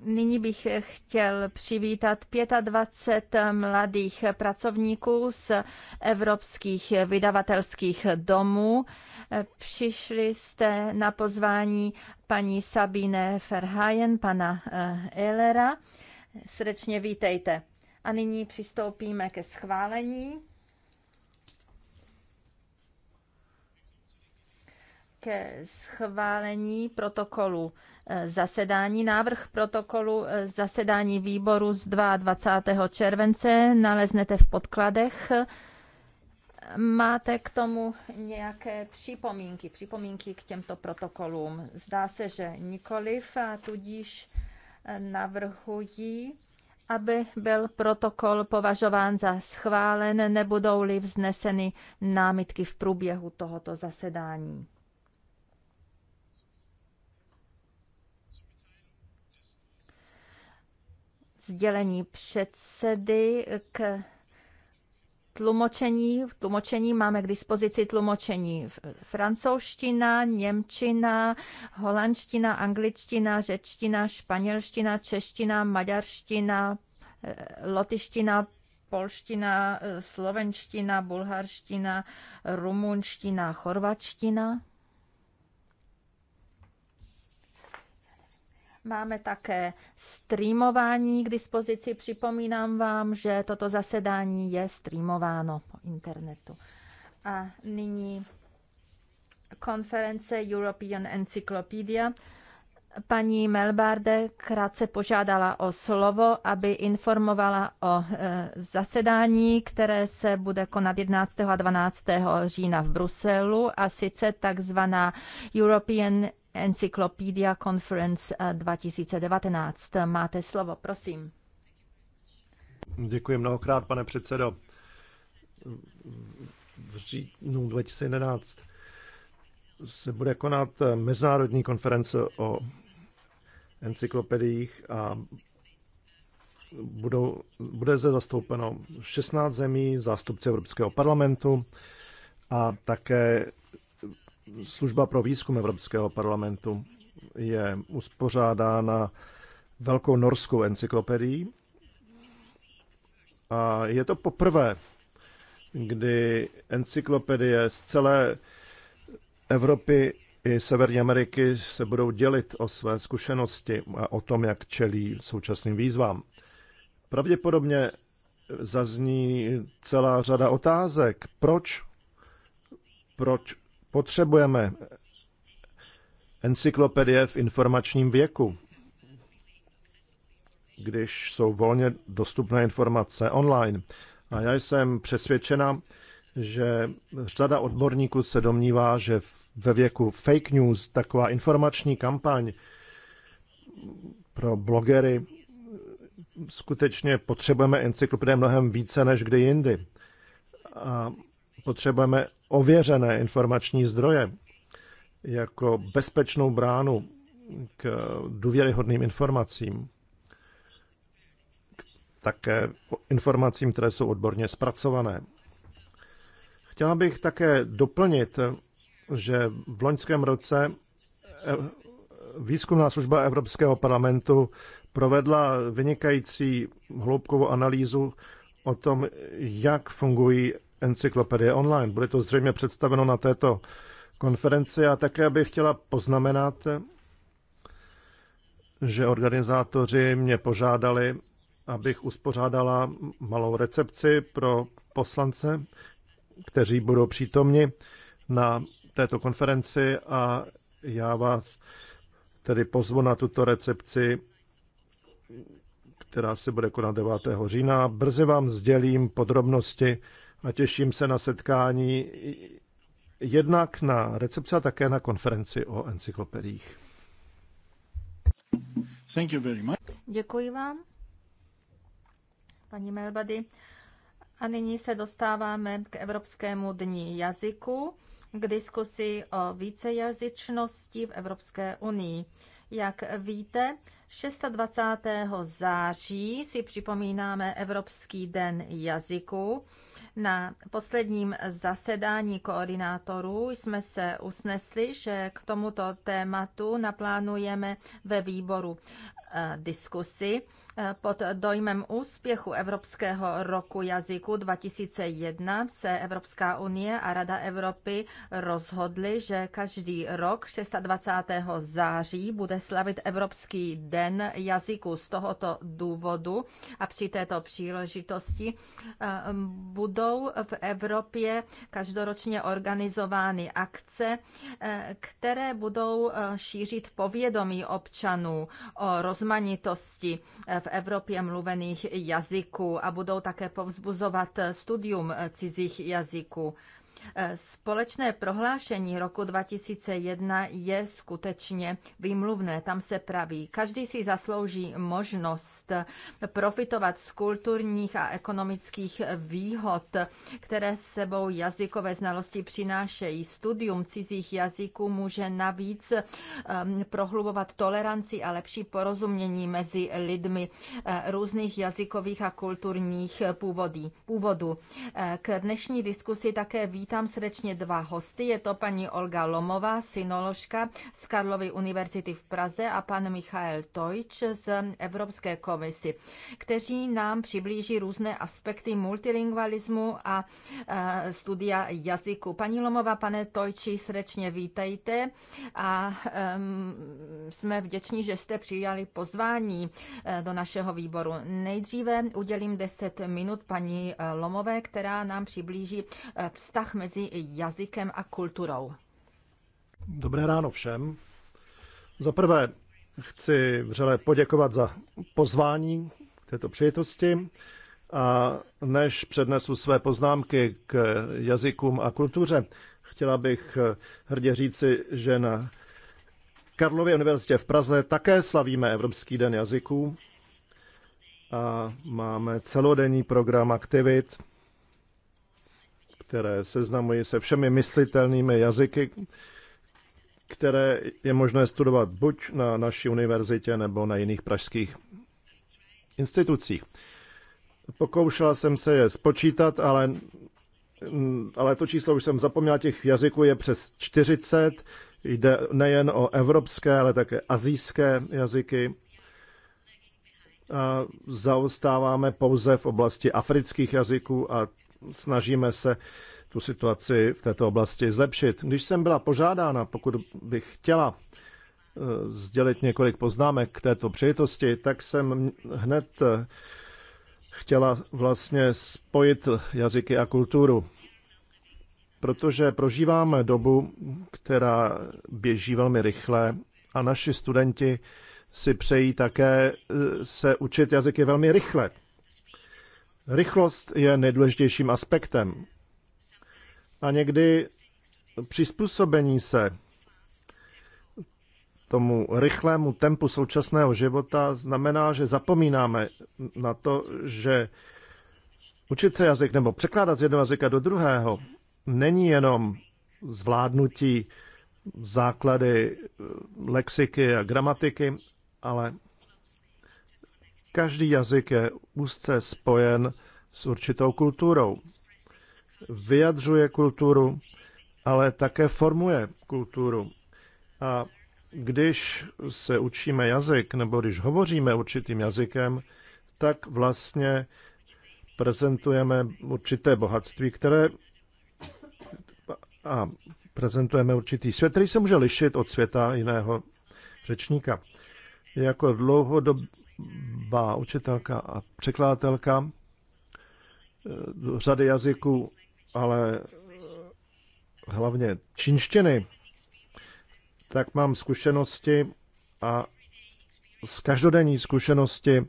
Nyní bych chtěl přivítat 25 mladých pracovníků z evropských vydavatelských domů. Přišli jste na pozvání paní Sabine Ferhajen, pana eh, Ehlera. Srdečně vítejte. A nyní přistoupíme ke schválení. Ke schválení protokolu zasedání. Návrh protokolu eh, zasedání výboru z 22. července naleznete v podkladech. Máte k tomu nějaké připomínky, připomínky k těmto protokolům? Zdá se, že nikoliv a tudíž eh, navrhují, aby byl protokol považován za schválen, nebudou-li vzneseny námitky v průběhu tohoto zasedání. sdělení předsedy k tlumočení. V tlumočení máme k dispozici tlumočení francouzština, němčina, holandština, angličtina, řečtina, španělština, čeština, maďarština, eh, lotyština, polština, eh, slovenština, bulharština, rumunština, chorvačtina. Máme také streamování k dispozici. Připomínám vám, že toto zasedání je streamováno po internetu. A nyní konference European Encyclopedia. Paní Melbarde krátce požádala o slovo, aby informovala o e, zasedání, které se bude konat 11. a 12. října v Bruselu, a sice takzvaná European Encyclopedia Conference 2019. Eh, Máte slovo, prosím. Děkuji mnohokrát, pane předsedo. V říjnu 2011 se bude konat eh, mezinárodní konference o encyklopediích a budou, bude zde zastoupeno 16 zemí, zástupci Evropského parlamentu a také služba pro výzkum Evropského parlamentu je uspořádána velkou norskou encyklopedií. A je to poprvé, kdy encyklopedie z celé Evropy i Severní Ameriky se budou dělit o své zkušenosti a o tom, jak čelí současným výzvám. Pravděpodobně zazní celá řada otázek. Proč? Proč Potřebujeme encyklopedie v informačním věku, když jsou volně dostupné informace online. A já jsem přesvědčena, že řada odborníků se domnívá, že ve věku fake news taková informační kampaň pro blogery skutečně potřebujeme encyklopedie mnohem více než kdy jindy. A Potřebujeme ověřené informační zdroje jako bezpečnou bránu k důvěryhodným informacím. Také informacím, které jsou odborně zpracované. Chtěla bych také doplnit, že v loňském roce eh, výzkumná služba Evropského parlamentu provedla vynikající hloubkovou analýzu o tom, jak fungují encyklopedie online. Bude to zřejmě představeno na této konferenci a také bych chtěla poznamenat, že organizátoři mě požádali, abych uspořádala malou recepci pro poslance, kteří budou přítomni na této konferenci a já vás tedy pozvu na tuto recepci, která se bude konat 9. října. Brzy vám sdělím podrobnosti a těším se na setkání jednak na recepci a také na konferenci o encyklopediích. Thank you very much. Děkuji vám, paní Melbady. A nyní se dostáváme k Evropskému dní jazyku, k diskusi o vícejazyčnosti v Evropské unii. Jak víte, 26. září si připomínáme Evropský den jazyku. Na posledním zasedání koordinátorů jsme se usnesli, že k tomuto tématu naplánujeme ve výboru eh, diskusi pod dojmem úspěchu Evropského roku jazyku 2001 se Evropská unie a Rada Evropy rozhodly, že každý rok 26. září bude slavit Evropský den jazyku. Z tohoto důvodu a při této příležitosti eh, budou v Evropě každoročně organizovány akce, eh, které budou eh, šířit povědomí občanů o rozmanitosti v Evropě mluvených jazyků a budou také povzbuzovat studium cizích jazyků. Eh, společné prohlášení roku 2001 je skutečně výmluvné. Tam se praví, každý si zaslouží možnost profitovat z kulturních a ekonomických výhod, které sebou jazykové znalosti přinášejí. Studium cizích jazyků může navíc ehm, prohlubovat toleranci a lepší porozumění mezi lidmi eh, různých jazykových a kulturních původů. Eh, k dnešní diskusi také vítám Vítám srdečně dva hosty. Je to paní Olga Lomová, synoložka z Karlovy univerzity v Praze a pan Michael Tojč z Evropské komisy, kteří nám přiblíží různé aspekty multilingualismu a e, studia jazyku. Paní Lomová, pane Tojči, srdečně vítejte a e, jsme vděční, že jste přijali pozvání e, do našeho výboru. Nejdříve udělím 10 minut paní e, Lomové, která nám přiblíží e, vztah mezi jazykem a kulturou. Dobré ráno všem. Za prvé chci vřele poděkovat za pozvání k této přijetosti. A než přednesu své poznámky k jazykům a kultuře, chtěla bych hrdě říci, že na Karlově univerzitě v Praze také slavíme Evropský den jazyků a máme celodenní program aktivit které seznamují se všemi myslitelnými jazyky, které je možné studovat buď na naší univerzitě nebo na jiných pražských institucích. Pokoušela jsem se je spočítat, ale, ale to číslo už jsem zapomněla, těch jazyků je přes 40. Jde nejen o evropské, ale také azijské jazyky. A zaostáváme pouze v oblasti afrických jazyků a snažíme se tu situaci v této oblasti zlepšit. Když jsem byla požádána, pokud bych chtěla eh, sdělit několik poznámek k této přejitosti, tak jsem hned eh, chtěla vlastně spojit jazyky a kulturu. Protože prožíváme dobu, která běží velmi rychle a naši studenti si přejí také eh, se učit jazyky velmi rychle. Rychlost je nejdůležitějším aspektem. A někdy přizpůsobení se tomu rychlému tempu současného života znamená, že zapomínáme na to, že učit se jazyk nebo překládat z jednoho jazyka do druhého není jenom zvládnutí základy lexiky a gramatiky, ale Každý jazyk je úzce spojen s určitou kulturou. Vyjadřuje kulturu, ale také formuje kulturu. A když se učíme jazyk, nebo když hovoříme určitým jazykem, tak vlastně prezentujeme určité bohatství, které a prezentujeme určitý svět, který se může lišit od světa jiného řečníka jako dlouhodobá učitelka a překladatelka eh, řady jazyků, ale eh, hlavně čínštiny, tak mám zkušenosti a z každodenní zkušenosti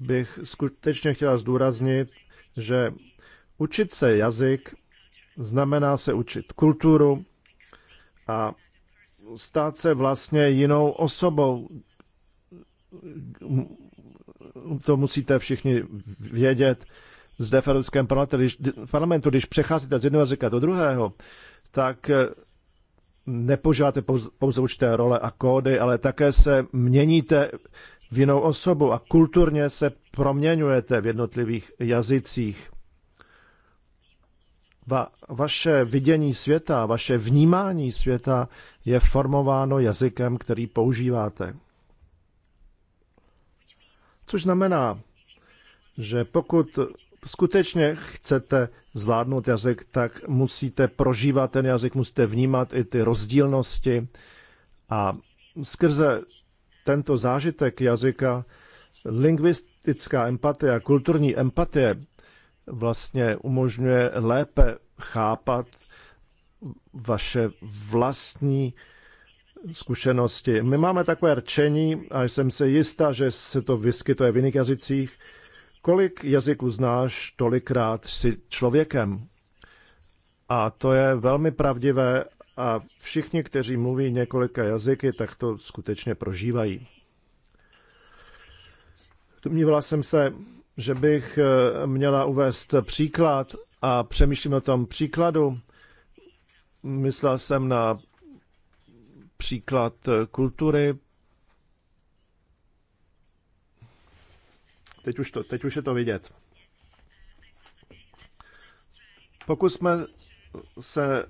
bych skutečně chtěla zdůraznit, že učit se jazyk znamená se učit kulturu a stát se vlastně jinou osobou, to musíte všichni vědět, zde v Evropském parlamentu, když, přecházíte z jednoho jazyka do druhého, tak eh, nepožáte pouze určité role a kódy, ale také se měníte v jinou osobu a kulturně se proměňujete v jednotlivých jazycích. Va, vaše vidění světa, vaše vnímání světa je formováno jazykem, který používáte. Což znamená, že pokud skutečně chcete zvládnout jazyk, tak musíte prožívat ten jazyk, musíte vnímat i ty rozdílnosti a skrze tento zážitek jazyka lingvistická empatie a kulturní empatie vlastně umožňuje lépe chápat vaše vlastní zkušenosti. My máme takové rčení a jsem se jistá, že se to vyskytuje v jiných jazycích. Kolik jazyků znáš, tolikrát jsi člověkem. A to je velmi pravdivé a všichni, kteří mluví několika jazyky, tak to skutečně prožívají. Domnívala jsem se, že bych eh, měla uvést příklad a přemýšlím o tom příkladu. Myslel jsem na příklad eh, kultury. Teď už, to, teď už je to vidět. Pokusme se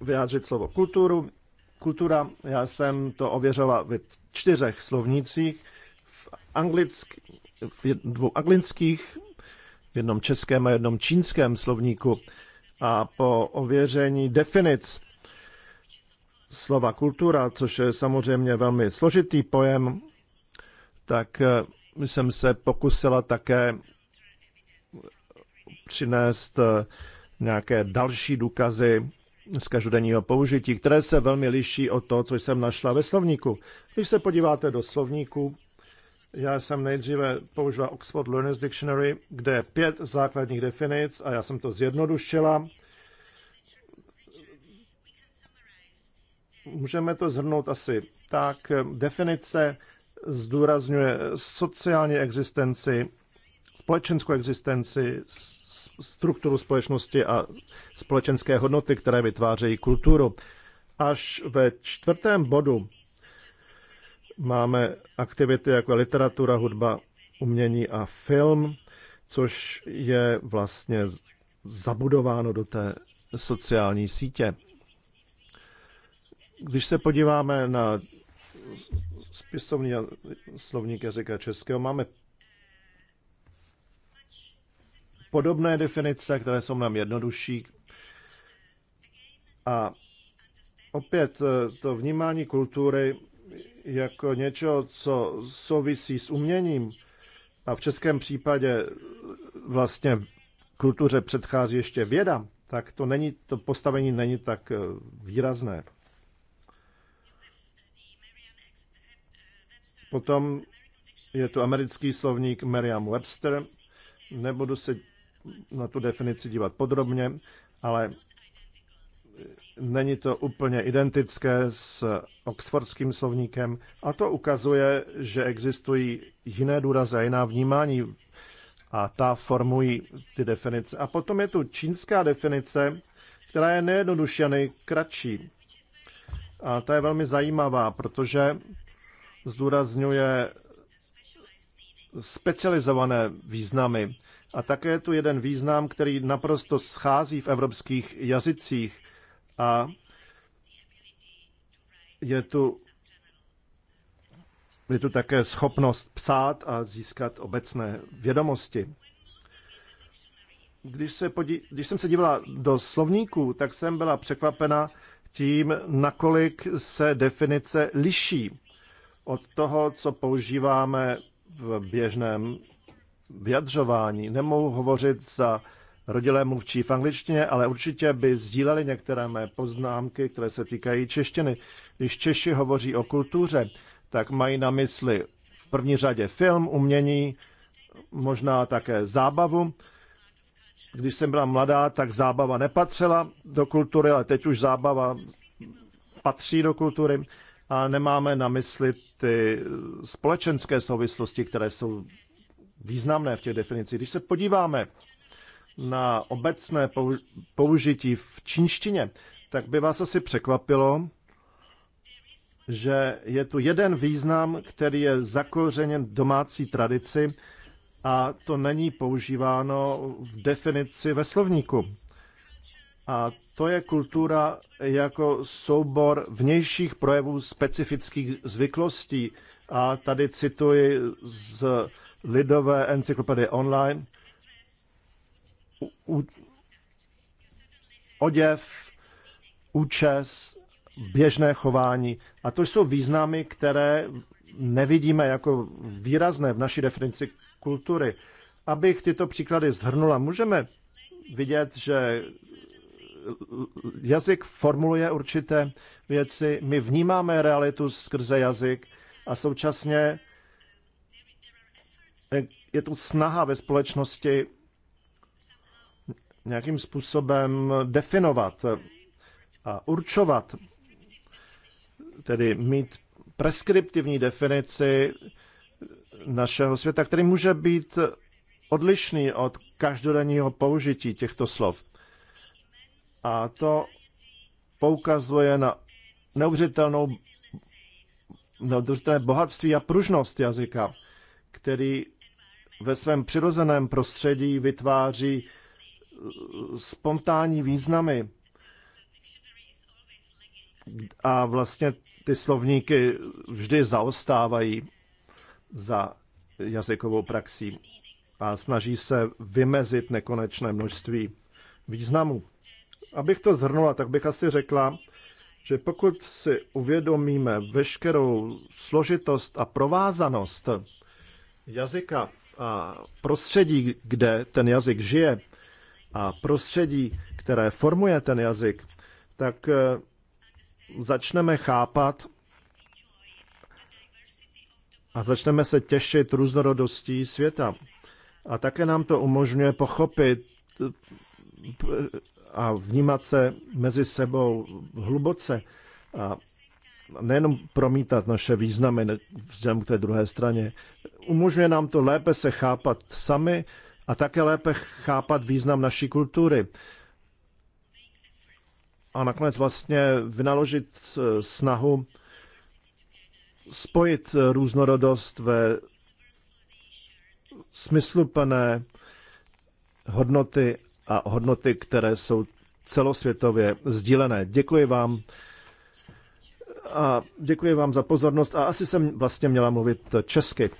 vyjádřit slovo kulturu. Kultura, já jsem to ověřila ve čtyřech slovnících, v, anglick, v dvou anglických, v jednom českém a jednom čínském slovníku. A po ověření definic slova kultura, což je samozřejmě velmi složitý pojem, tak eh, jsem se pokusila také přinést eh, nějaké další důkazy z každodenního použití, které se velmi liší od toho, co jsem našla ve slovníku. Když se podíváte do slovníku, já jsem nejdříve použila Oxford Learners Dictionary, kde je pět základních definic a já jsem to zjednodušila Můžeme to zhrnout asi tak. Definice zdůrazňuje sociální existenci, společenskou existenci, strukturu společnosti a společenské hodnoty, které vytvářejí kulturu. Až ve čtvrtém bodu máme aktivity jako literatura, hudba, umění a film, což je vlastně zabudováno do té sociální sítě. Když se podíváme na spisovný slovník jazyka českého, máme podobné definice, které jsou nám jednodušší. A opět eh, to vnímání kultury jako něco, co souvisí s uměním, a v českém případě vlastně kultuře předchází ještě věda, tak to, není, to postavení není tak eh, výrazné. Potom je tu americký slovník Merriam Webster. Nebudu se na tu definici dívat podrobně, ale není to úplně identické s oxfordským slovníkem a to ukazuje, že existují jiné důrazy a jiná vnímání a ta formují ty definice. A potom je tu čínská definice, která je nejjednodušší a nejkratší. A ta je velmi zajímavá, protože zdůrazňuje specializované významy. A také je tu jeden význam, který naprosto schází v evropských jazycích a je tu, je tu také schopnost psát a získat obecné vědomosti. Když, se podí, když jsem se dívala do slovníků, tak jsem byla překvapena tím, nakolik se definice liší od toho, co používáme v běžném vyjadřování. Nemohu hovořit za rodilé mluvčí v angličtině, ale určitě by sdíleli některé mé poznámky, které se týkají češtiny. Když Češi hovoří o kultuře, tak mají na mysli v první řadě film, umění, možná také zábavu. Když jsem byla mladá, tak zábava nepatřila do kultury, ale teď už zábava patří do kultury a nemáme na mysli ty společenské souvislosti, které jsou významné v těch definicích. Když se podíváme na obecné použití v čínštině, tak by vás asi překvapilo, že je tu jeden význam, který je zakořeněn v domácí tradici a to není používáno v definici ve slovníku. A to je kultura jako soubor vnějších projevů specifických zvyklostí. A tady cituji z Lidové encyklopedie online. U, oděv, účes, běžné chování. A to jsou významy, které nevidíme jako výrazné v naší definici kultury. Abych tyto příklady zhrnula, můžeme vidět, že jazyk formuluje určité věci, my vnímáme realitu skrze jazyk a současně eh, je tu snaha ve společnosti nějakým způsobem definovat a určovat, tedy mít preskriptivní definici našeho světa, který může být odlišný od každodenního použití těchto slov. A to poukazuje na neuvěřitelnou neuvěřitelné bohatství a pružnost jazyka, který ve svém přirozeném prostředí vytváří spontánní významy. A vlastně ty slovníky vždy zaostávají za jazykovou praxí a snaží se vymezit nekonečné množství významů. Abych to zhrnula, tak bych asi řekla, že pokud si uvědomíme veškerou složitost a provázanost jazyka a prostředí, kde ten jazyk žije, a prostředí, které formuje ten jazyk, tak eh, začneme chápat a začneme se těšit různorodostí světa. A také nám to umožňuje pochopit eh, a vnímat se mezi sebou hluboce a nejenom promítat naše významy vzhledem k té druhé straně. Umožňuje nám to lépe se chápat sami a také lépe chápat význam naší kultury. A nakonec vlastně vynaložit eh, snahu spojit eh, různorodost ve smysluplné hodnoty a hodnoty, které jsou celosvětově sdílené. Děkuji vám a děkuji vám za pozornost a asi jsem vlastně měla mluvit česky.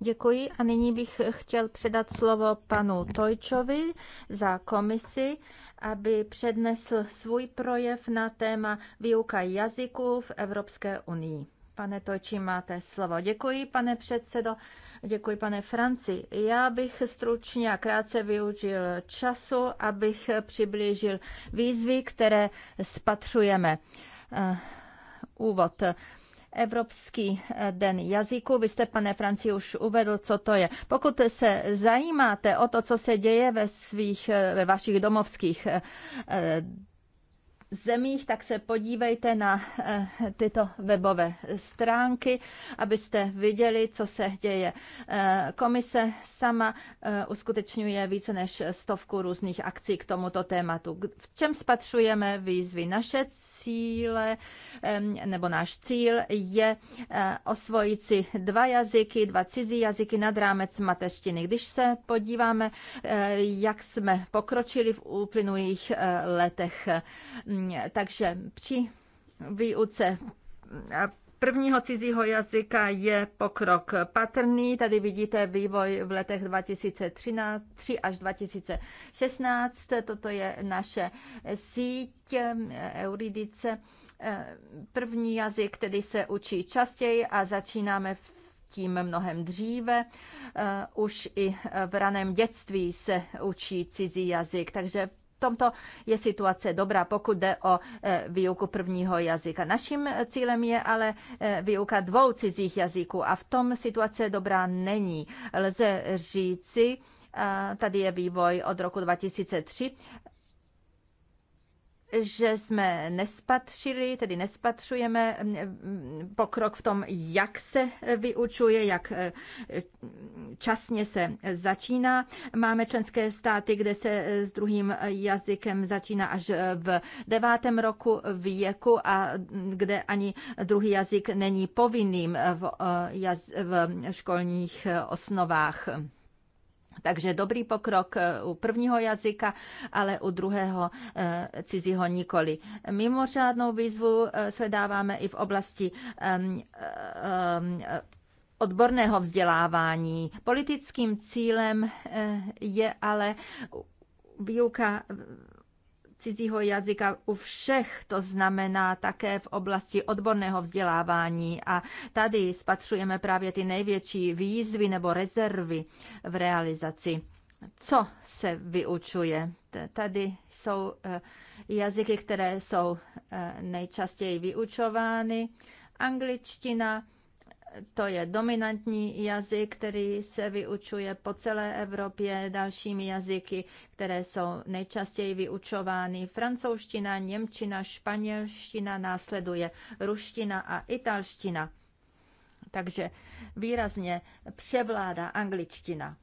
Děkuji a nyní bych chtěl předat slovo panu Tojčovi za komisi aby přednesl svůj projev na téma výuka jazyků v Evropské unii. Pane Toči, máte slovo. Děkuji, pane předsedo. Děkuji, pane Franci. Já bych stručně a krátce využil času, abych přiblížil výzvy, které spatřujeme. Eh, úvod. Evropský eh, den jazyku. Vy jste, pane Franci, už uvedl, co to je. Pokud se zajímáte o to, co se děje ve, svých, eh, ve vašich domovských eh, zemích, tak se podívejte na eh, tyto webové stránky, abyste viděli, co se děje. Eh, komise sama eh, uskutečňuje více než stovku různých akcí k tomuto tématu. V čem spatřujeme výzvy? Naše cíle, nebo náš cíl je osvojit si dva jazyky, dva cizí jazyky nad rámec mateštiny. Když se podíváme, jak jsme pokročili v uplynulých letech, Ehm, takže při výuce eh, prvního cizího jazyka je pokrok patrný. Tady vidíte vývoj v letech 2013 až 2016. Toto je naše síť ehm, Euridice. Ehm, první jazyk, který se učí častěji a začínáme v tím mnohem dříve. Už i v raném dětství se učí cizí jazyk, takže tomto je situace dobrá, pokud jde o e, výuku prvního jazyka. Naším e, cílem je ale e, výuka dvou cizích jazyků a v tom situace dobrá není. Lze říci, tady je vývoj od roku 2003, že jsme nespatřili, tedy nespatřujeme mm, mm, pokrok v tom, jak se vyučuje, jak eh, časně se začíná. Máme členské státy, kde se eh, s druhým jazykem začíná až eh, v devátém roku věku a mm, kde ani druhý jazyk není povinným v, jaz- v školních osnovách. Takže dobrý pokrok eh, u prvního jazyka, ale u druhého eh, cizího nikoli. Mimořádnou výzvu eh, se dáváme i v oblasti odborného vzdělávání. Politickým cílem je ale výuka cizího jazyka u všech, to znamená také v oblasti odborného vzdělávání. A tady spatřujeme právě ty největší výzvy nebo rezervy v realizaci. Co se vyučuje? Tady jsou eh, jazyky, které jsou eh, nejčastěji vyučovány. Angličtina, to je dominantní jazyk, který se vyučuje po celé Evropě dalšími jazyky, které jsou nejčastěji vyučovány. Francouzština, němčina, španělština, následuje ruština a italština. Takže výrazně převládá angličtina.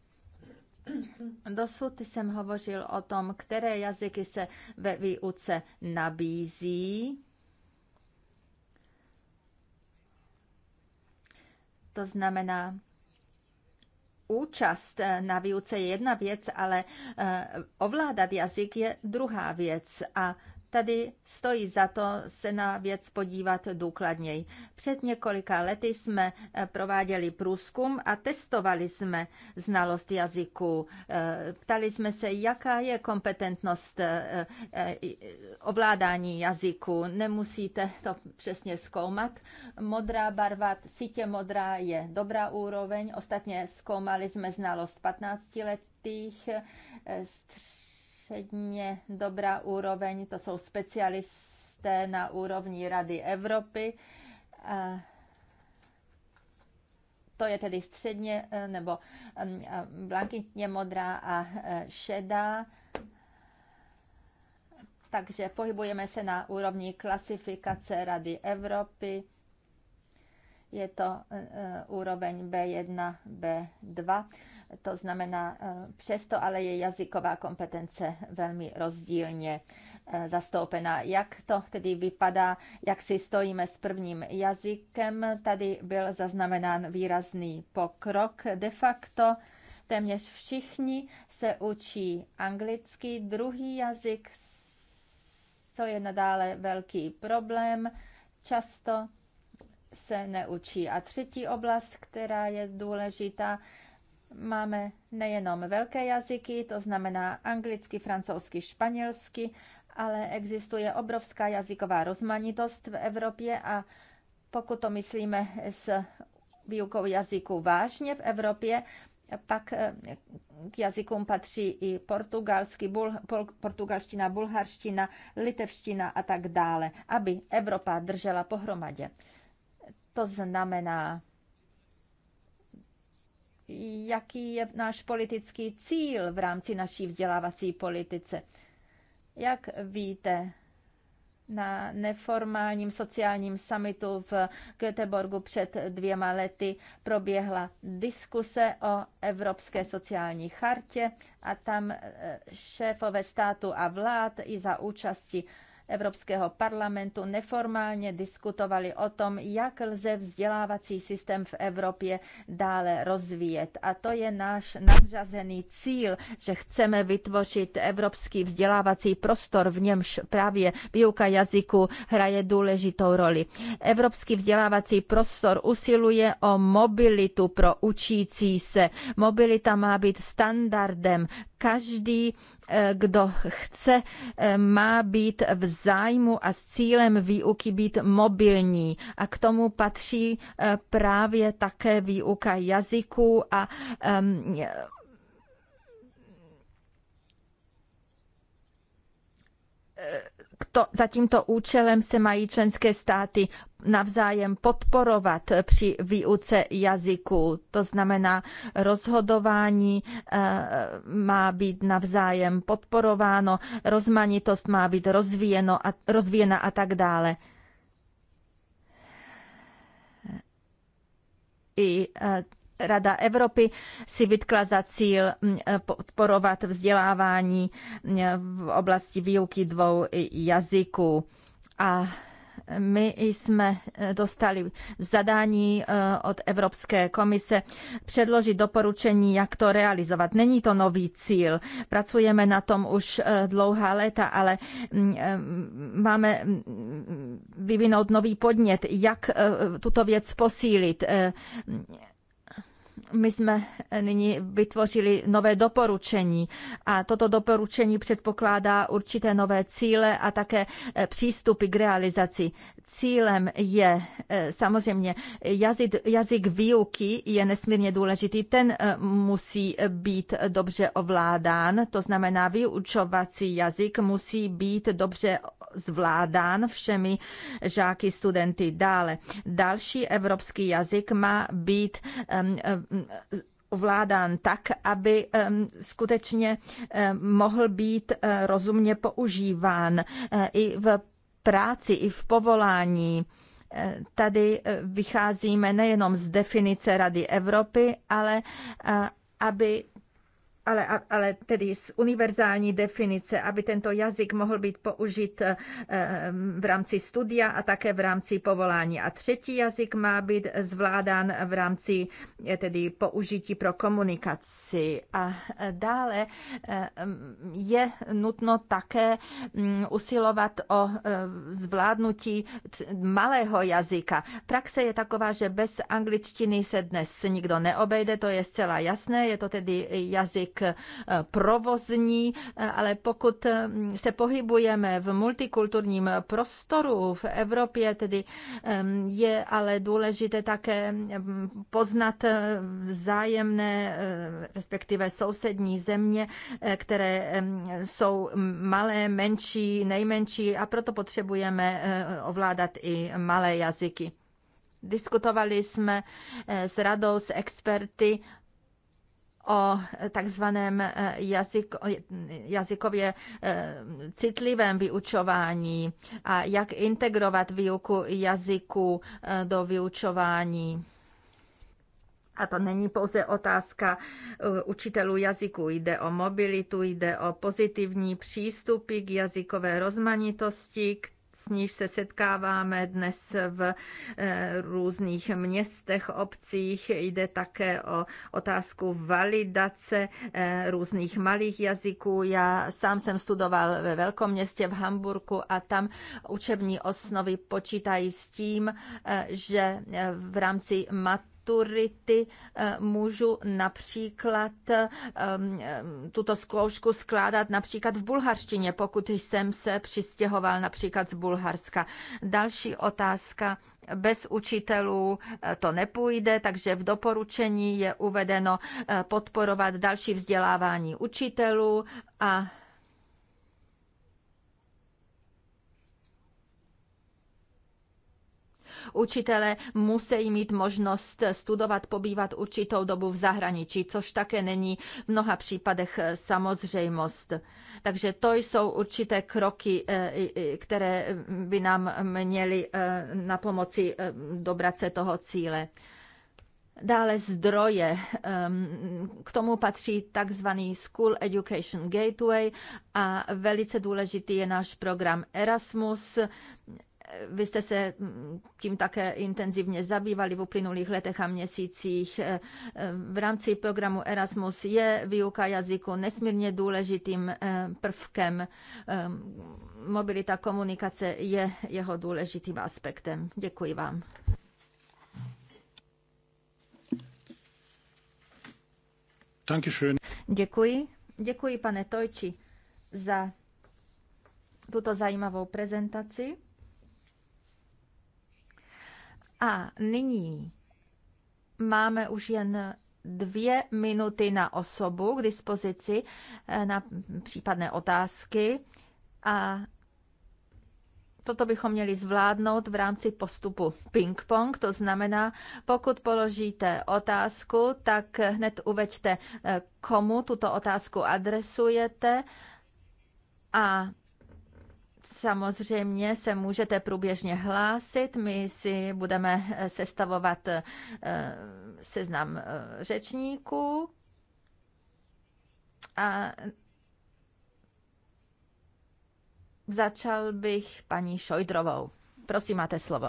Dosud jsem hovořil o tom, které jazyky se ve výuce nabízí To znamená, účast na výuce je jedna věc, ale eh, ovládat jazyk je druhá věc. A Tady stojí za to se na věc podívat důkladněji. Před několika lety jsme eh, prováděli průzkum a testovali jsme znalost jazyku. Eh, ptali jsme se, jaká je kompetentnost eh, ovládání jazyku. Nemusíte to přesně zkoumat. Modrá barva, sítě modrá je dobrá úroveň. Ostatně zkoumali jsme znalost 15 letých, středně dobrá úroveň, to jsou specialisté na úrovni Rady Evropy. To je tedy středně eh, nebo mm, blankitně modrá a eh, šedá. Takže pohybujeme se na úrovni klasifikace Rady Evropy je to e, e, úroveň B1, B2. To znamená, e, přesto ale je jazyková kompetence velmi rozdílně zastoupena. Jak to tedy vypadá, jak si stojíme s prvním jazykem? Tady byl zaznamenán výrazný pokrok. De facto téměř všichni se učí anglicky, druhý jazyk, co je nadále velký problém. Často se neučí. A třetí oblast, která je důležitá, máme nejenom velké jazyky, to znamená anglicky, francouzsky, španělsky, ale existuje obrovská jazyková rozmanitost v Evropě a pokud to myslíme s výukou jazyků vážně v Evropě, pak eh, k jazykům patří i portugalsky, bul, pol, portugalština, bulharština, litevština a tak dále, aby Evropa držela pohromadě to znamená? Jaký je náš politický cíl v rámci naší vzdělávací politice? Jak víte, na neformálním sociálním summitu v Göteborgu před dvěma lety proběhla diskuse o Evropské sociální chartě a tam eh, šéfové státu a vlád i za účasti Evropského parlamentu neformálně diskutovali o tom, jak lze vzdělávací systém v Evropě dále rozvíjet. A to je náš nadřazený cíl, že chceme vytvořit evropský vzdělávací prostor, v němž právě výuka jazyku hraje důležitou roli. Evropský vzdělávací prostor usiluje o mobilitu pro učící se. Mobilita má být standardem. Každý kdo chce, má být v zájmu a s cílem výuky být mobilní. A k tomu patří eh, právě také výuka jazyků a eh, to, za tímto účelem se mají členské státy navzájem podporovat při výuce jazyku. To znamená, rozhodování eh, má být navzájem podporováno, rozmanitost má být rozvíjeno a, rozvíjena a tak dále. I eh, Rada Evropy si vytkla za cíl hm, eh, podporovat vzdělávání hm, v oblasti výuky dvou jazyků. A my jsme eh, dostali zadání eh, od Evropské komise předložit doporučení, jak to realizovat. Není to nový cíl. Pracujeme na tom už eh, dlouhá léta, ale mm, máme mm, vyvinout nový podnět, jak tuto věc posílit my jsme eh, nyní vytvořili nové doporučení a toto doporučení předpokládá určité nové cíle a také eh, přístupy k realizaci. Cílem je eh, samozřejmě jazyk, jazyk výuky je nesmírně důležitý. Ten musí být dobře ovládán, to znamená vyučovací jazyk musí být dobře zvládán všemi žáky, studenty dále. Další evropský jazyk má být ovládán tak, aby skutečně mohl být eh, rozumně používán eh, i v práci, i v povolání. Eh, tady vycházíme nejenom z definice Rady Evropy, ale aby ale, ale tedy z univerzální definice, aby tento jazyk mohl být použit eh, v rámci studia a také v rámci povolání. A třetí jazyk má být zvládán v rámci eh, tedy použití pro komunikaci. A eh, dále je nutno také mm, usilovat o zvládnutí malého jazyka. Praxe je taková, že bez angličtiny se dnes nikdo neobejde, to je zcela jasné, je to tedy jazyk Eh, provozní, eh, ale pokud mm, se pohybujeme v multikulturním prostoru v Evropě, tedy mm, je ale důležité také mm, poznat eh, vzájemné, respektive sousední země, které jsou malé, menší, nejmenší a proto potřebujeme ovládat i malé jazyky. Diskutovali jsme s radou, s experty o eh, takzvaném eh, jazyk, eh, jazykově citlivém vyučování a jak integrovat výuku jazyku do vyučování. A to není pouze otázka učitelů jazyku. Jde o mobilitu, jde o pozitivní přístupy k jazykové rozmanitosti, k níž se setkáváme dnes v eh, různých městech, obcích. Jde také o otázku validace eh, různých malých jazyků. Já sám jsem studoval ve velkom městě v Hamburku a tam učební osnovy počítají s tím, eh, že v rámci mat maturity eh, můžu například ehm, ehm, tuto zkoušku skládat například v bulharštině, pokud jsem se přistěhoval například z Bulharska. Další otázka. Bez učitelů eh, to nepůjde, takže v doporučení je uvedeno eh, podporovat další vzdělávání učitelů a učitele musí mít možnost studovat, pobývat určitou dobu v zahraničí, což také není v mnoha případech eh, samozřejmost. Takže to jsou určité kroky, eh, které by nám měly eh, na pomoci dobrat se toho cíle. Dále zdroje. Ehm, k tomu patří takzvaný School Education Gateway a velice důležitý je náš program Erasmus, vy jste se mm, tím také intenzivně zabývali v uplynulých letech a měsících. E, e, v rámci programu Erasmus je výuka jazyku nesmírně důležitým e, prvkem. Mobilita komunikace je jeho důležitým aspektem. Děkuji vám. Děkuji. Děkuji, pane Tojči, za tuto zajímavou prezentaci. A nyní máme už jen dvě minuty na osobu k dispozici eh, na případné otázky a Toto bychom měli zvládnout v rámci postupu ping-pong, to znamená, pokud položíte otázku, tak hned uveďte, eh, komu tuto otázku adresujete a Samozřejmě se můžete průběžně hlásit, my si budeme eh, sestavovat eh, seznam eh, řečníků a začal bych paní Šojdrovou. Prosím, máte slovo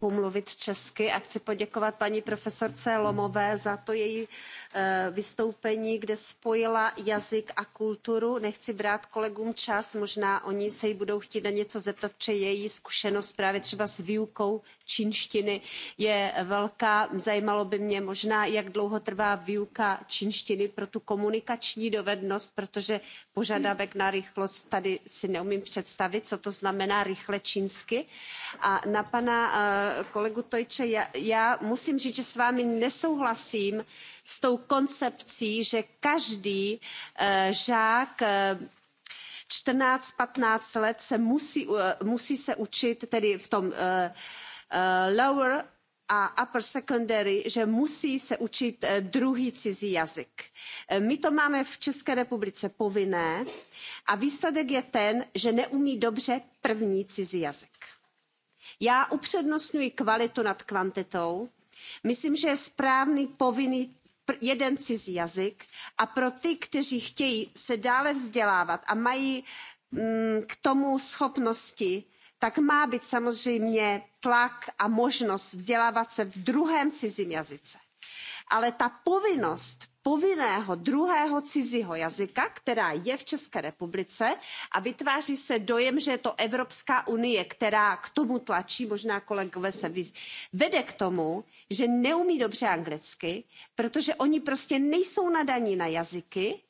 mluvit česky a chci poděkovat paní profesorce Lomové za to její eh, vystoupení, kde spojila jazyk a kulturu. Nechci brát kolegům čas, možná oni se jí budou chtít na něco zeptat, protože její zkušenost právě třeba s výukou čínštiny je velká. Zajímalo by mě možná, jak dlouho trvá výuka čínštiny pro tu komunikační dovednost, protože požadavek na rychlost tady si neumím představit, co to znamená rychle čínsky. A na pana eh, Eh, kolegu Tojče, já, já musím říct, že s vámi nesouhlasím s tou koncepcí, že každý eh, žák 14-15 eh, let se musí, musí se učit, tedy v tom lower a upper secondary, že musí se učit druhý cizí jazyk. My to máme v České republice povinné a výsledek je ten, že neumí dobře první cizí jazyk já upřednostňuji kvalitu nad kvantitou myslím že je správný povinný jeden cizí jazyk a pro ty kteří chtějí se dále vzdělávat a mají mm, k tomu schopnosti tak má být samozřejmě tlak a možnost vzdělávat se v druhém cizím jazyce ale ta povinnost povinného druhého cizího jazyka která je v české republice a vytváří se dojem že je to evropská unie která k tomu tlačí možná kolegové se vede k tomu že neumí dobře anglicky protože oni prostě nejsou nadaní na jazyky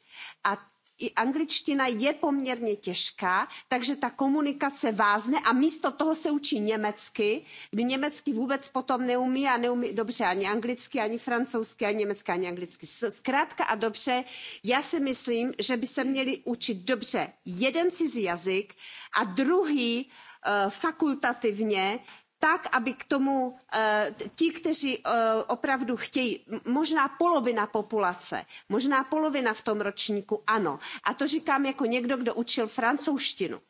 a i angličtina je poměrně těžká takže ta komunikace vázne a místo toho se učí německy kdy německy vůbec potom neumí a neumí dobře ani anglicky ani francouzsky ani německy ani anglicky. zkrátka a dobře já si myslím že by se měli učit dobře jeden cizí jazyk a druhý eh, fakultativně tak aby k tomu eh, ti kteří eh, opravdu chtějí možná polovina populace možná polovina v tom ročníku ano a to říkám jako někdo kdo učil francouzštinu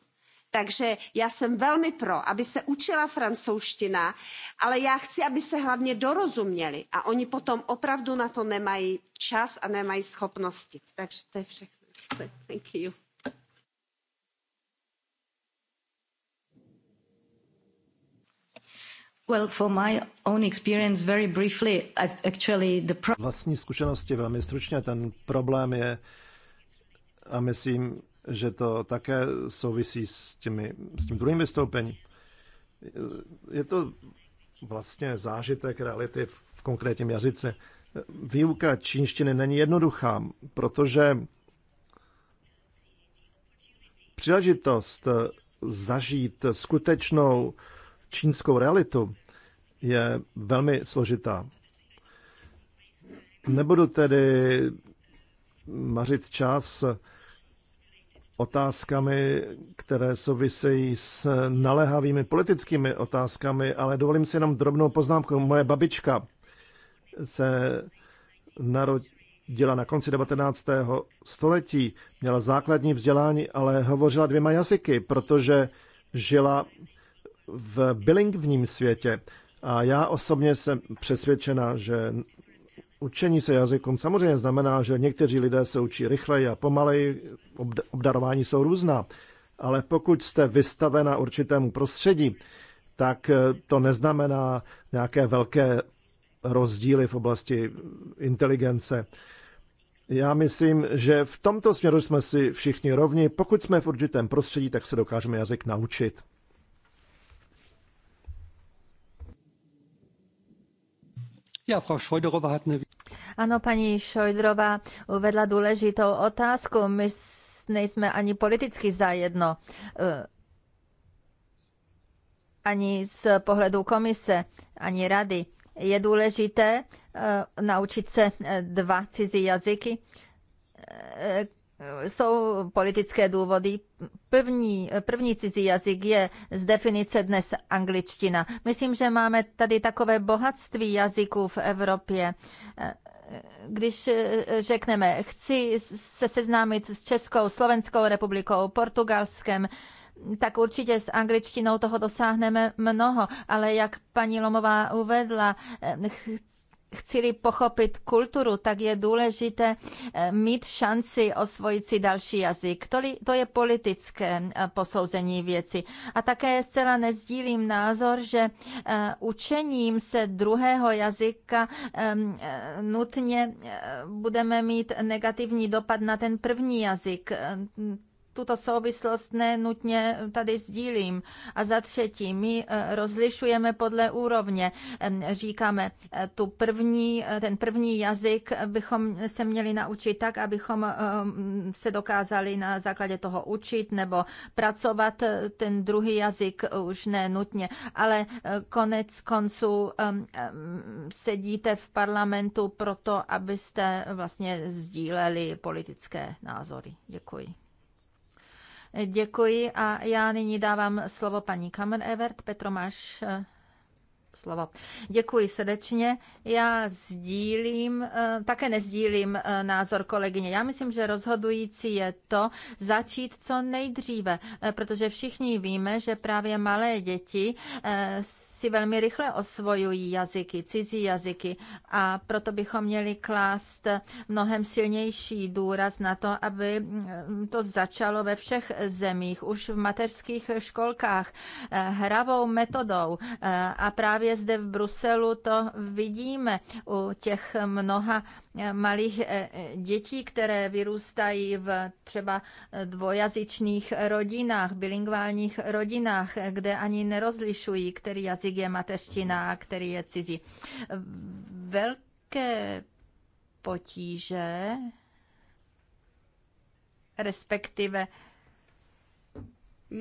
takže já jsem velmi pro aby se učila francouzština ale já chci aby se hlavně dorozuměli a oni potom opravdu na to nemají čas a nemají schopnosti. takže to je všechno. Thank you. Vlastní zkušenosti velmi stručně, ten problém je, a myslím, že to také souvisí s, těmi, s tím druhým vystoupením. Je to vlastně zážitek reality v konkrétním jazyce. Výuka čínštiny není jednoduchá, protože příležitost zažít skutečnou čínskou realitu, je velmi složitá. Nebudu tedy mařit čas otázkami, které souvisejí s naléhavými politickými otázkami, ale dovolím si jenom drobnou poznámku. Moje babička se narodila na konci 19. století, měla základní vzdělání, ale hovořila dvěma jazyky, protože žila v bilingvním světě. A já osobně jsem přesvědčena, že učení se jazykům samozřejmě znamená, že někteří lidé se učí rychleji a pomaleji, obdarování jsou různá, ale pokud jste vystavena určitému prostředí, tak eh, to neznamená nějaké velké rozdíly v oblasti inteligence. Já myslím, že v tomto směru jsme si všichni rovni. Pokud jsme v určitém prostředí, tak se dokážeme jazyk naučit. Ja, Frau Šojderová hat ne... Ano, paní Šojdrova uvedla důležitou otázku. My nejsme ani politicky zajedno, eh, ani z pohledu komise, ani rady. Je důležité eh, naučit se eh, dva cizí jazyky. Jsou politické důvody, První, první cizí jazyk je z definice dnes angličtina. Myslím, že máme tady takové bohatství jazyků v Evropě když řekneme, chci se seznámit s Českou, Slovenskou republikou, Portugalskem, tak určitě s angličtinou toho dosáhneme mnoho, ale jak paní Lomová uvedla, chci pochopit kulturu, tak je důležité eh, mít šanci osvojit si další jazyk. To, je politické eh, posouzení věci. A také zcela nezdílím názor, že eh, učením se druhého jazyka ehm, nutně budeme mít negativní dopad na ten první jazyk tuto souvislost nenutně tady sdílím. A za třetí, my eh, rozlišujeme podle úrovně. Říkáme, eh, tu první, eh, ten první jazyk bychom se měli naučit tak, abychom mm, se dokázali na základě toho učit nebo pracovat ten druhý jazyk už ne nutně. Ale konec konců sedíte v parlamentu proto, abyste vlastně sdíleli politické názory. Děkuji. Děkuji a já nyní dávám slovo paní Kamer-Evert. Petro, máš eh, slovo. Děkuji srdečně. Já sdílím, eh, také nezdílím eh, názor kolegyně. Já myslím, že rozhodující je to začít co nejdříve, protože všichni víme, že právě malé děti si velmi rychle osvojují jazyky, cizí jazyky a proto bychom měli klást mnohem silnější důraz na to, aby mm, to začalo ve všech zemích, už v mateřských školkách, eh, hravou metodou eh, a právě zde v Bruselu to vidíme u těch mnoha eh, malých dětí, které vyrůstají v třeba dvojazyčných rodinách, bilingválních rodinách, kde ani nerozlišují, který jazyk jazyk je mateřština, který je cizí. Velké potíže, respektive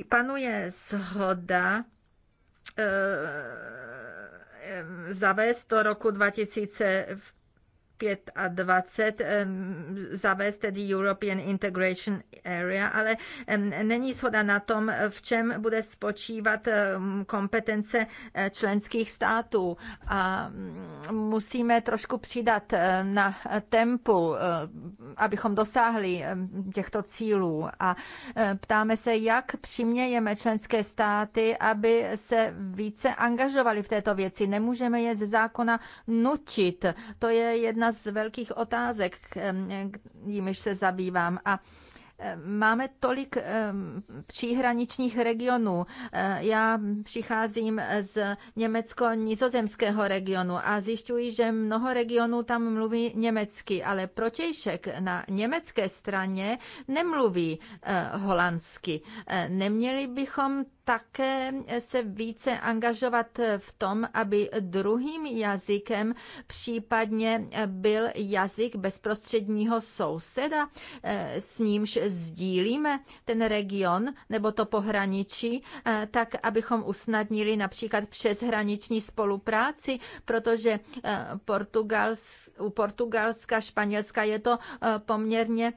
panuje shoda eh, zavést do roku 2000 25 zavést tedy European Integration Area, ale není shoda na tom, v čem bude spočívat kompetence eh, členských států a mm, musíme trošku přidat eh, na tempu, eh, abychom dosáhli těchto cílů a ptáme se, jak přimějeme členské státy, aby se více angažovali v této věci. Nemůžeme je ze zákona nutit. To je jedna jedna z velkých otázek, jimiž se zabývám. A Máme tolik příhraničních regionů. E, já přicházím z německo-nizozemského regionu a zjišťuji, že mnoho regionů tam mluví německy, ale protějšek na německé straně nemluví e, holandsky. E, neměli bychom také se více angažovat v tom, aby druhým jazykem případně byl jazyk bezprostředního souseda, eh, s nímž sdílíme ten region nebo to pohraničí, eh, tak abychom usnadnili například přeshraniční spolupráci, protože eh, Portugals, u Portugalska, Španělska je to poměrně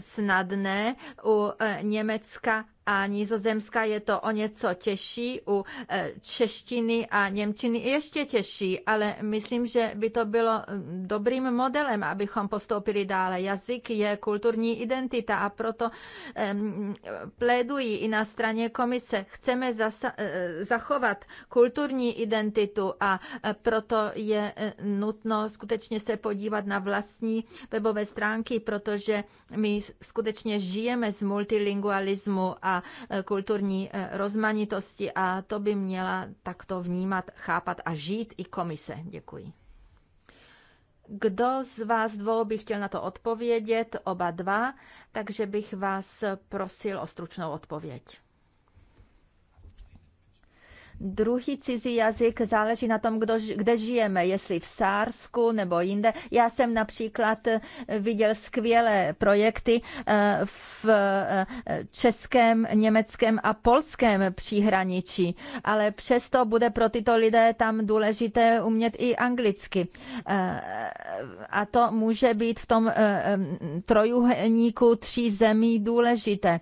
snadné, u Německa a Nizozemska je to o něco těžší, u e, češtiny a němčiny ještě těžší, ale myslím, že by to bylo e, dobrým modelem, abychom postoupili dále. Jazyk je kulturní identita a proto um, plédují i na straně komise. Chceme zasa- e, zachovat kulturní identitu a proto je nutno skutečně se podívat na vlastní webové stránky, protože my skutečně žijeme z multilingualismu a a e, kulturní e, rozmanitosti a to by měla takto vnímat, chápat a žít i komise. Děkuji. Kdo z vás dvou by chtěl na to odpovědět? Oba dva, takže bych vás prosil o stručnou odpověď druhý cizí jazyk záleží na tom, kdo, kde žijeme, jestli v Sársku nebo jinde. Já jsem například eh, viděl skvělé projekty eh, v eh, českém, německém a polském příhraničí, ale přesto bude pro tyto lidé tam důležité umět i anglicky. A to může být v tom trojuhelníku tří zemí důležité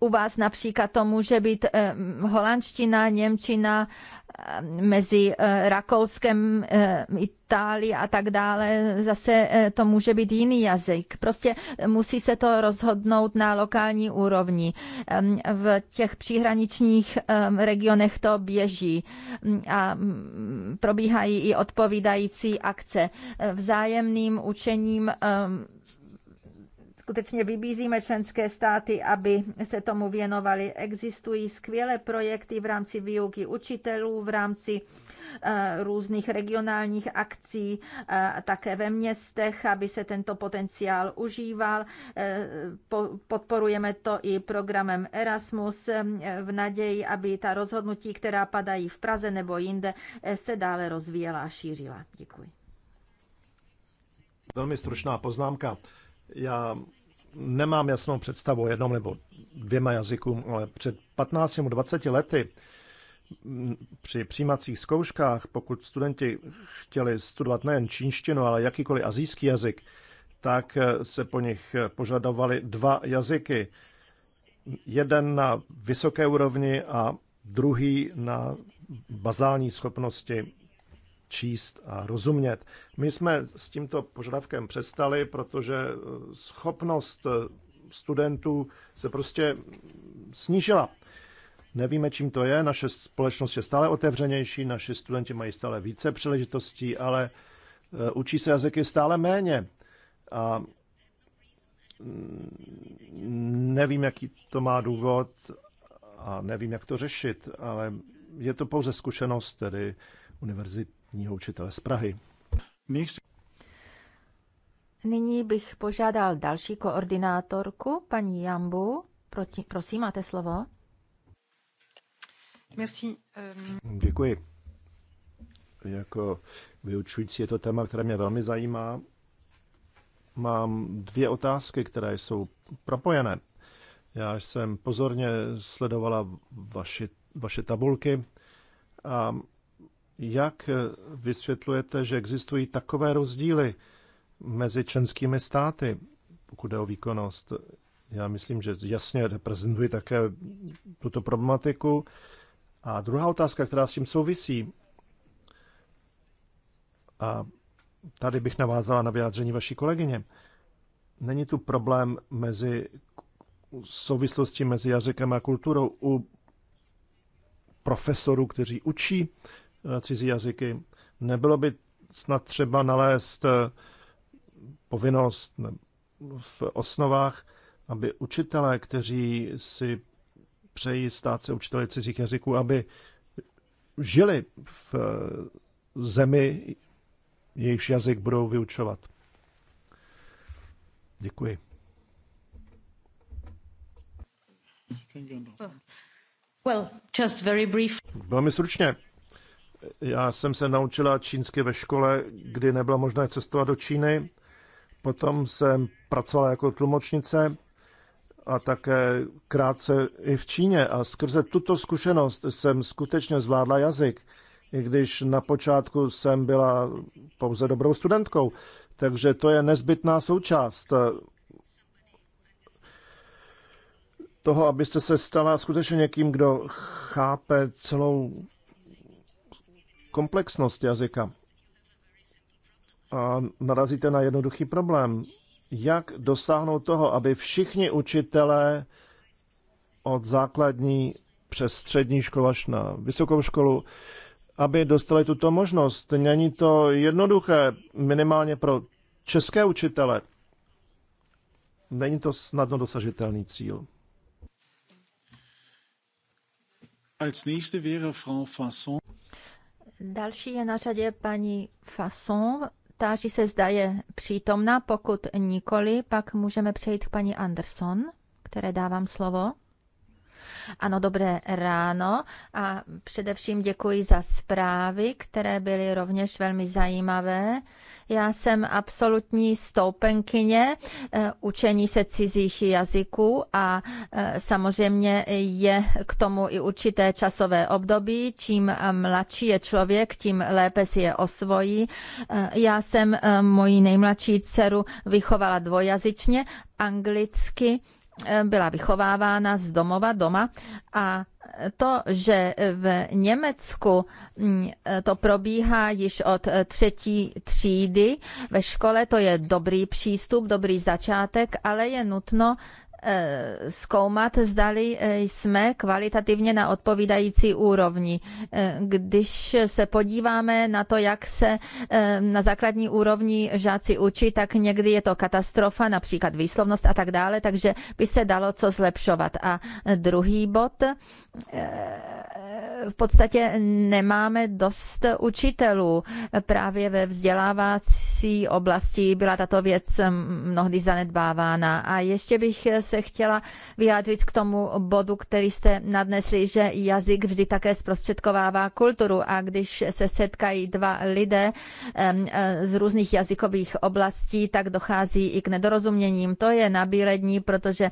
u vás například to může být eh, holandština, němčina eh, mezi eh, Rakouskem, Itálií a tak dále. Zase to může být jiný jazyk. Prostě musí se to rozhodnout na lokální úrovni. V těch příhraničních regionech to běží mm, a mm, probíhají i odpovídající akce. Vzájemným učením skutečně vybízíme členské státy, aby se tomu věnovali. Existují skvělé projekty v rámci výuky učitelů, v rámci eh, různých regionálních akcí, eh, také ve městech, aby se tento potenciál užíval. Eh, podporujeme to i programem Erasmus v naději, aby ta rozhodnutí, která padají v Praze nebo jinde, se dále rozvíjela a šířila. Děkuji. Velmi stručná poznámka. Já nemám jasnou představu o jednom nebo dvěma jazykům, ale před 15 nebo 20 lety při přijímacích zkouškách, pokud studenti chtěli studovat nejen čínštinu, ale jakýkoliv azijský jazyk, tak eh, se po nich eh, požadovali dva jazyky. Jeden na vysoké úrovni a druhý na bazální schopnosti číst a rozumět. My jsme s tímto požadavkem přestali, protože eh, schopnost eh, studentů se prostě snížila. Nevíme, čím to je, naše společnost je stále otevřenější, naši studenti mají stále více příležitostí, ale eh, učí se jazyky stále méně. A mm, nevím, jaký to má důvod a nevím, jak to řešit, ale je to pouze zkušenost tedy univerzit knihu učitele z Prahy. Nyní bych požádal další koordinátorku, paní Jambu. Proti, prosím, máte slovo. Merci. Ehm. Děkuji. Jako vyučující je to téma, které mě velmi zajímá. Mám dvě otázky, které jsou propojené. Já jsem pozorně sledovala vaši, vaše tabulky a jak eh, vysvětlujete, že existují takové rozdíly mezi členskými státy, pokud jde o výkonnost? Já myslím, že jasně reprezentuji také tuto problematiku. A druhá otázka, která s tím souvisí, a tady bych navázala na vyjádření vaší kolegyně. Není tu problém mezi souvislosti mezi jazykem a kulturou u profesorů, kteří učí Eh, cizí jazyky. Nebylo by snad třeba nalézt eh, povinnost v osnovách, aby učitelé, kteří si přejí stát se učiteli cizích jazyků, aby žili v eh, zemi, jejichž jazyk budou vyučovat. Děkuji. Well, just very brief. Velmi stručně. Já jsem se naučila čínsky ve škole, kdy nebylo možné cestovat do Číny. Potom jsem pracovala jako tlumočnice a také krátce i v Číně. A skrze tuto zkušenost jsem skutečně zvládla jazyk, i když na počátku jsem byla pouze dobrou studentkou. Takže to je nezbytná součást toho, abyste se stala skutečně někým, kdo chápe celou komplexnost jazyka. A narazíte na jednoduchý problém. Jak dosáhnout toho, aby všichni učitelé od základní přes střední školu až na vysokou školu, aby dostali tuto možnost. Není to jednoduché, minimálně pro české učitele. Není to snadno dosažitelný cíl. Als nächste wäre Frau Fasson. Další je na řadě paní Fasson. Táží se, zda je přítomná, pokud nikoli, pak můžeme přejít k paní Anderson, které dávám slovo. Ano, dobré ráno a především děkuji za zprávy, které byly rovněž velmi zajímavé. Já jsem absolutní stoupenkyně eh, učení se cizích jazyků a eh, samozřejmě je k tomu i určité časové období. Čím eh, mladší je člověk, tím lépe si je osvojí. Já jsem moji nejmladší dceru vychovala dvojazyčně, anglicky Eh, byla vychovávána z domova doma a to, že v Německu mm, eh, to probíhá již od eh, třetí třídy ve škole, to je dobrý přístup, dobrý začátek, ale je nutno Eh, zkoumat, zdali eh, jsme kvalitativně na odpovídající úrovni. Eh, když se podíváme na to, jak se na základní úrovni žáci učí, tak někdy je to katastrofa, například výslovnost a tak dále, takže by se dalo co zlepšovat. A druhý bod, v podstatě nemáme dost učitelů právě ve vzdělávací oblasti, byla tato věc hm, mnohdy zanedbávána. A ještě bych se chtěla vyjádřit k tomu bodu, který jste nadnesli, že jazyk vždy také zprostředkovává kulturu a když se setkají dva lidé eh, z různých jazykových oblastí, tak dochází i k nedorozuměním. To je nabílední, protože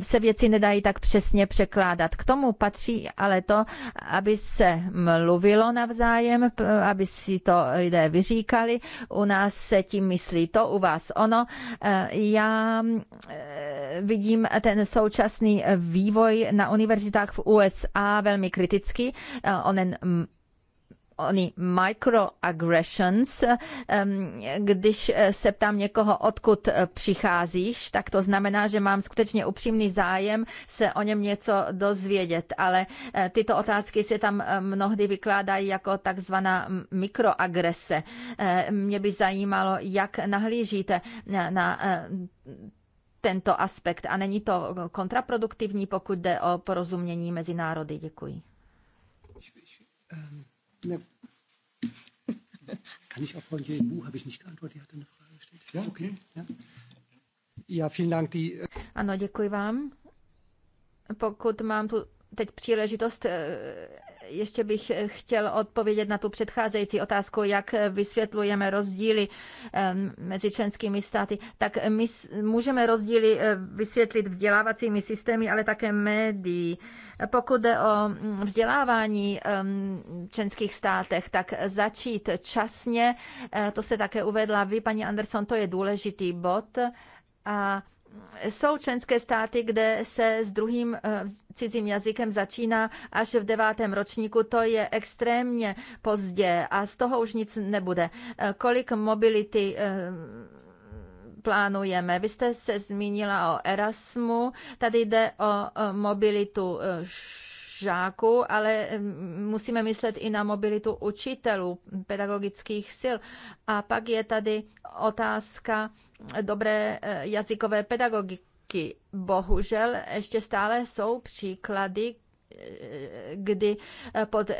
se věci nedají tak přesně překládat. K tomu patří ale to, aby se mluvilo navzájem, aby si to lidé vyříkali. U nás se tím myslí to, u vás ono. Eh, já eh, vidím ten současný vývoj na univerzitách v USA velmi kriticky. Eh, onen mm, ony microaggressions, eh, mm, když eh, se ptám někoho, odkud přicházíš, tak to znamená, že mám skutečně upřímný zájem se o něm něco dozvědět, ale tyto otázky se tam mnohdy vykládají jako takzvaná mikroagrese. Mě by zajímalo, jak nahlížíte na tento aspekt a není to eh, kontraproduktivní, pokud jde o porozumění mezi národy. Děkuji. Ehm, Kann ich habe ich nicht geantwortet, hat eine Frage gestellt. Ja, okay. Ja. Ja, vielen Dank, die... Äh, ano, děkuji vám. Pokud mám tu teď příležitost eh, ještě bych chtěl odpovědět na tu předcházející otázku, jak vysvětlujeme rozdíly mezi členskými státy. Tak my můžeme rozdíly eh, vysvětlit vzdělávacími systémy, ale také médií. Pokud jde o mm, vzdělávání v členských státech, tak začít časně, eh, to se také uvedla vy, paní Anderson, to je důležitý bod. A jsou členské státy, kde se s druhým eh, cizím jazykem začíná až v devátém ročníku. To je extrémně pozdě a z toho už nic nebude. Eh, kolik mobility eh, plánujeme. Vy jste se zmínila o Erasmu, tady jde o mobilitu žáků, ale musíme myslet i na mobilitu učitelů, pedagogických sil. A pak je tady otázka dobré eh, jazykové pedagogiky. Bohužel ještě stále jsou příklady, eh, kdy eh, pod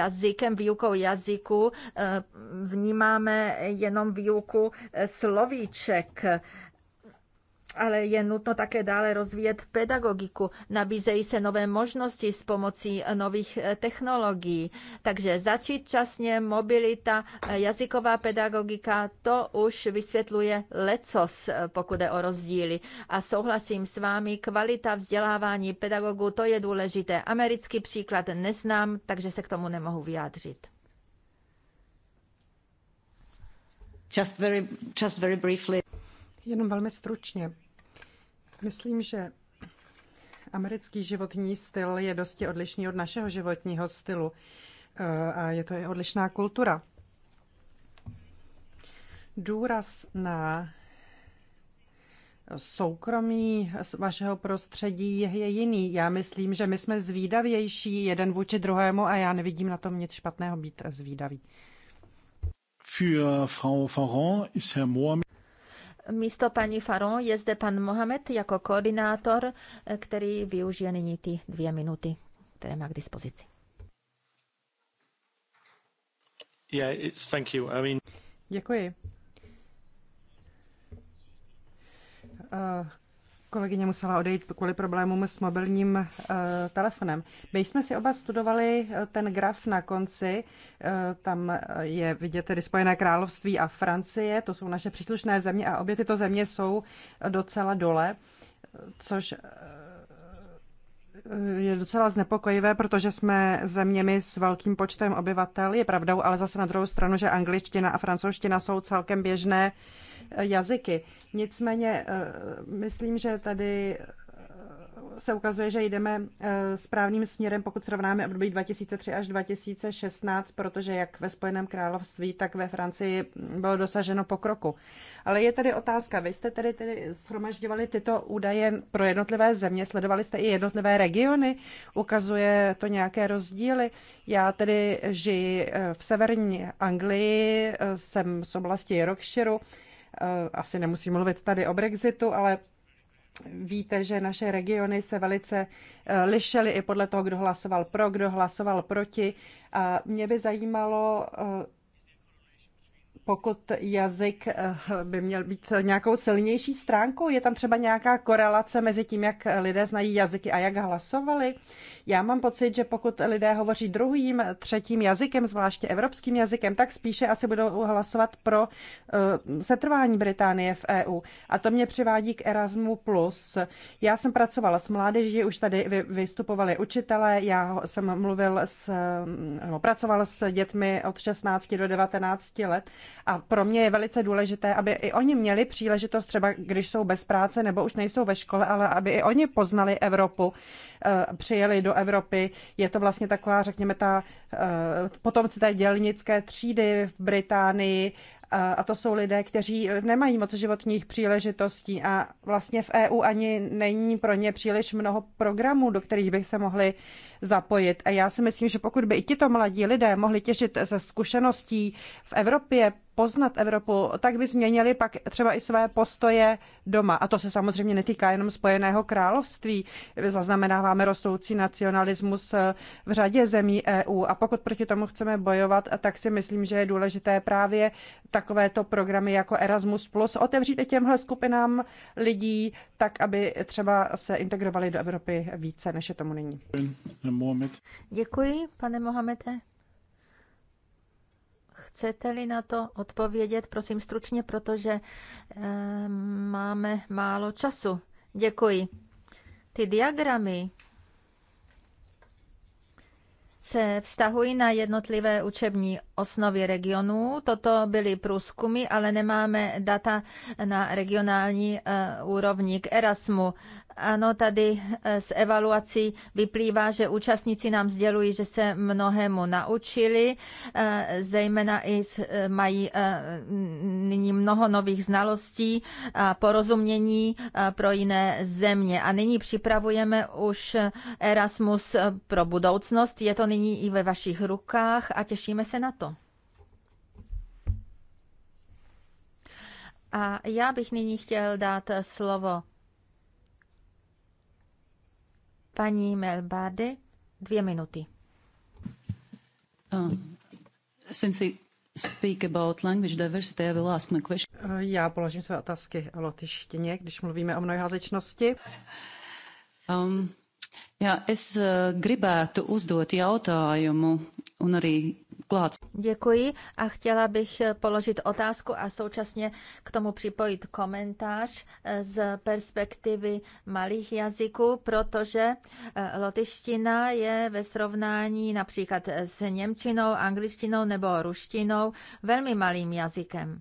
jazykem, výukou jazyku vnímáme jenom výuku slovíček ale je nutno také dále rozvíjet pedagogiku. Nabízejí se nové možnosti s pomocí nových technologií. Takže začít časně, mobilita, jazyková pedagogika, to už vysvětluje lecos, pokud je o rozdíly. A souhlasím s vámi, kvalita vzdělávání pedagogů, to je důležité. Americký příklad neznám, takže se k tomu nemohu vyjádřit. Just very, just very briefly. Jenom velmi stručně. Myslím, že americký životní styl je dosti odlišný od našeho životního stylu eh, a je to i odlišná kultura. Důraz na soukromí vašeho prostředí je jiný. Já myslím, že my jsme zvídavější jeden vůči druhému a já nevidím na tom nic špatného být zvídavý. Für Frau Faron ist Herr Mohamed... Místo paní Faron je zde pan Mohamed jako koordinátor, eh, který využije nyní ty dvě minuty, které má k dispozici. Yeah, it's, thank you. I mean... Děkuji. Uh kolegyně musela odejít kvůli problémům s mobilním uh, telefonem. My jsme si oba studovali eh, ten graf na konci, uh, tam je vidět tedy Spojené království a Francie, to jsou naše příslušné země a obě tyto země jsou docela dole, což je docela znepokojivé, protože jsme zeměmi s velkým počtem obyvatel. Je pravdou, ale zase na druhou stranu, že angličtina a francouzština jsou celkem běžné jazyky. Nicméně eh, myslím, že tady se ukazuje, že jdeme eh, správným směrem, pokud srovnáme období 2003 až 2016, protože jak ve Spojeném království, tak ve Francii bylo dosaženo pokroku. Ale je tady otázka, vy jste tedy, tedy shromažďovali tyto údaje pro jednotlivé země, sledovali jste i jednotlivé regiony, ukazuje to nějaké rozdíly. Já tedy žiji eh, v severní Anglii, eh, jsem z oblasti Yorkshireu, asi nemusím mluvit tady o Brexitu, ale Víte, že naše regiony se velice eh, lišely i podle toho, kdo hlasoval pro, kdo hlasoval proti. A mě by zajímalo, eh, pokud jazyk eh, by měl být nějakou silnější stránkou? Je tam třeba nějaká korelace mezi tím, jak lidé znají jazyky a jak hlasovali? Já mám pocit, že pokud lidé hovoří druhým, třetím jazykem, zvláště evropským jazykem, tak spíše asi budou hlasovat pro eh, setrvání Británie v EU. A to mě přivádí k Erasmu+. Já jsem pracovala s mládeží, už tady vystupovali učitelé, já jsem mluvil s, no, s dětmi od 16 do 19 let a pro mě je velice důležité, aby i oni měli příležitost, třeba když jsou bez práce nebo už nejsou ve škole, ale aby i oni poznali Evropu, eh, přijeli do Evropy. Je to vlastně taková, řekněme, ta eh, potomci té dělnické třídy v Británii, eh, a to jsou lidé, kteří nemají moc životních příležitostí a vlastně v EU ani není pro ně příliš mnoho programů, do kterých bych se mohli zapojit. A já si myslím, že pokud by i tito mladí lidé mohli těžit ze zkušeností v Evropě, poznat Evropu, tak by změnili pak třeba i své postoje doma. A to se samozřejmě netýká jenom Spojeného království. Zaznamenáváme rostoucí nacionalismus eh, v řadě zemí EU. A pokud proti tomu chceme bojovat, tak si myslím, že je důležité právě takovéto programy jako Erasmus Plus otevřít i těmhle skupinám lidí, tak aby třeba se integrovali do Evropy více, než je tomu nyní. Děkuji, pane Mohamede. Chcete-li na to odpovědět, prosím stručně, protože eh, máme málo času. Děkuji. Ty diagramy se vztahují na jednotlivé učební osnovy regionů. Toto byly průzkumy, ale nemáme data na regionální e, úrovni k Erasmu. Ano, tady e, z evaluací vyplývá, že účastníci nám sdělují, že se mnohému naučili, e, zejména i mají nyní mnoho nových znalostí a porozumění pro jiné země. A nyní připravujeme už Erasmus pro budoucnost. Je to nyní i ve vašich rukách a těšíme se na to. A já bych nyní chtěl dát slovo paní Melbády. Dvě minuty. Um, since we speak about language diversity, I will ask my question. Eh, já položím své otázky o lotyštině, když mluvíme o mnohojazyčnosti. Um, já es uh, gribētu uzdot jautājumu un arī Děkuji a chtěla bych položit otázku a současně k tomu připojit komentář z perspektivy malých jazyků, protože eh, lotyština je ve srovnání například s němčinou, angličtinou nebo ruštinou velmi malým jazykem.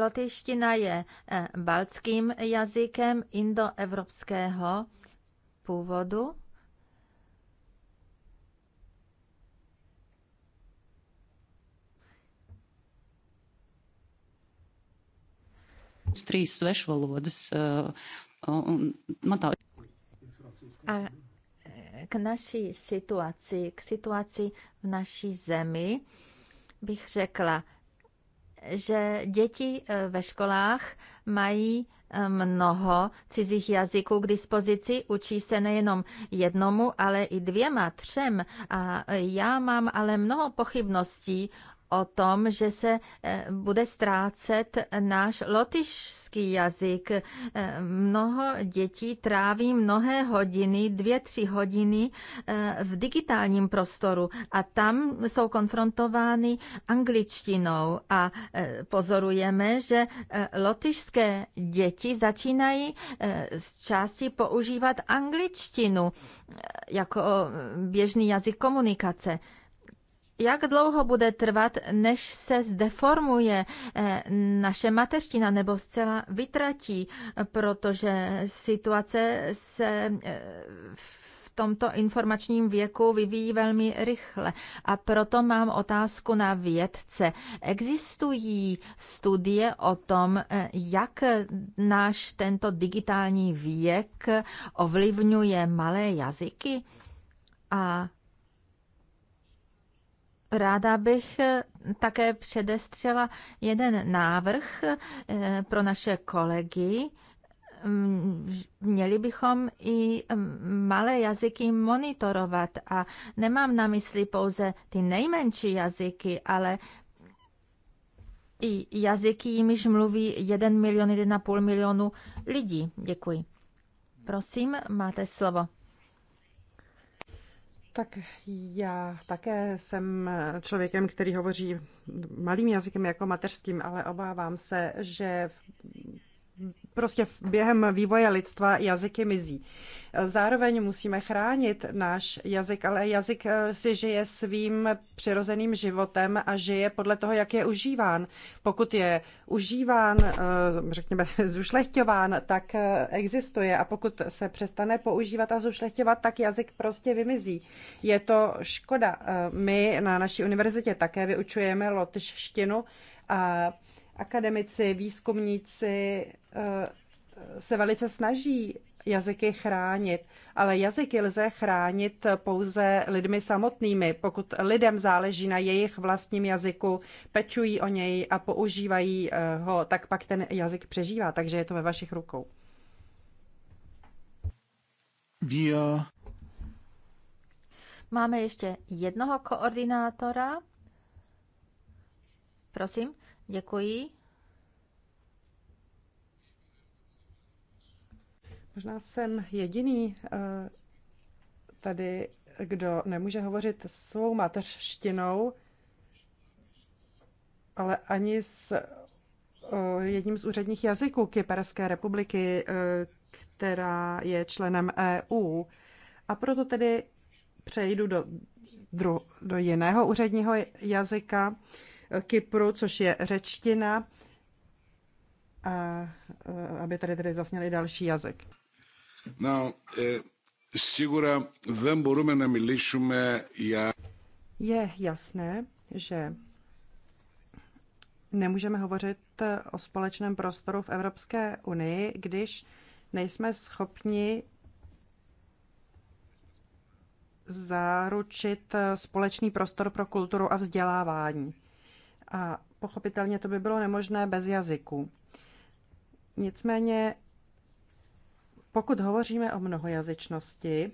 Lotyština je eh, baltským jazykem indoevropského původu. Eh, A eh, k naší situaci, k situaci v naší zemi bych řekla, že děti eh, ve školách mají mnoho cizích jazyků k dispozici, učí se nejenom jednomu, ale i dvěma, třem. A já mám ale mnoho pochybností o tom, že se eh, bude ztrácet náš lotyšský jazyk. Eh, mnoho dětí tráví mnohé hodiny, dvě, tři hodiny eh, v digitálním prostoru a tam jsou konfrontovány angličtinou a pozorujeme, že lotyšské děti začínají z části používat angličtinu jako běžný jazyk komunikace jak dlouho bude trvat, než se zdeformuje eh, naše mateřština nebo zcela vytratí, protože situace se eh, v tomto informačním věku vyvíjí velmi rychle. A proto mám otázku na vědce. Existují studie o tom, eh, jak náš tento digitální věk ovlivňuje malé jazyky? A Ráda bych eh, také předestřela jeden návrh eh, pro naše kolegy. Mm, měli bychom i mm, malé jazyky monitorovat a nemám na mysli pouze ty nejmenší jazyky, ale i jazyky, jimiž mluví 1 milion, 1,5 milionu lidí. Děkuji. Prosím, máte slovo. Tak já také jsem člověkem, který hovoří malým jazykem jako mateřským, ale obávám se, že prostě během vývoje lidstva jazyky mizí. Zároveň musíme chránit náš jazyk, ale jazyk eh, si žije svým přirozeným životem a žije podle toho, jak je užíván. Pokud je užíván, eh, řekněme, zušlechťován, tak eh, existuje a pokud se přestane používat a zušlechťovat, tak jazyk prostě vymizí. Je to škoda. My na naší univerzitě také vyučujeme lotyšštinu a akademici, výzkumníci eh, se velice snaží jazyky chránit, ale jazyky lze chránit pouze lidmi samotnými. Pokud lidem záleží na jejich vlastním jazyku, pečují o něj a používají eh, ho, tak pak ten jazyk přežívá, takže je to ve vašich rukou. Via. Máme ještě jednoho koordinátora. Prosím. Děkuji. Možná jsem jediný eh, tady, kdo nemůže hovořit svou mateřštinou, ale ani s eh, jedním z úředních jazyků Kyperské republiky, eh, která je členem EU. A proto tedy přejdu do, do jiného úředního jazyka, Kypru, což je řečtina, a eh, aby tady tedy zasněli další jazyk. No, eh, sigura, δεν na να Je jasné, že nemůžeme hovořit eh, o společném prostoru v Evropské unii, když nejsme schopni zaručit eh, společný prostor pro kulturu a vzdělávání a pochopitelně to by bylo nemožné bez jazyku. Nicméně, pokud hovoříme o mnohojazyčnosti,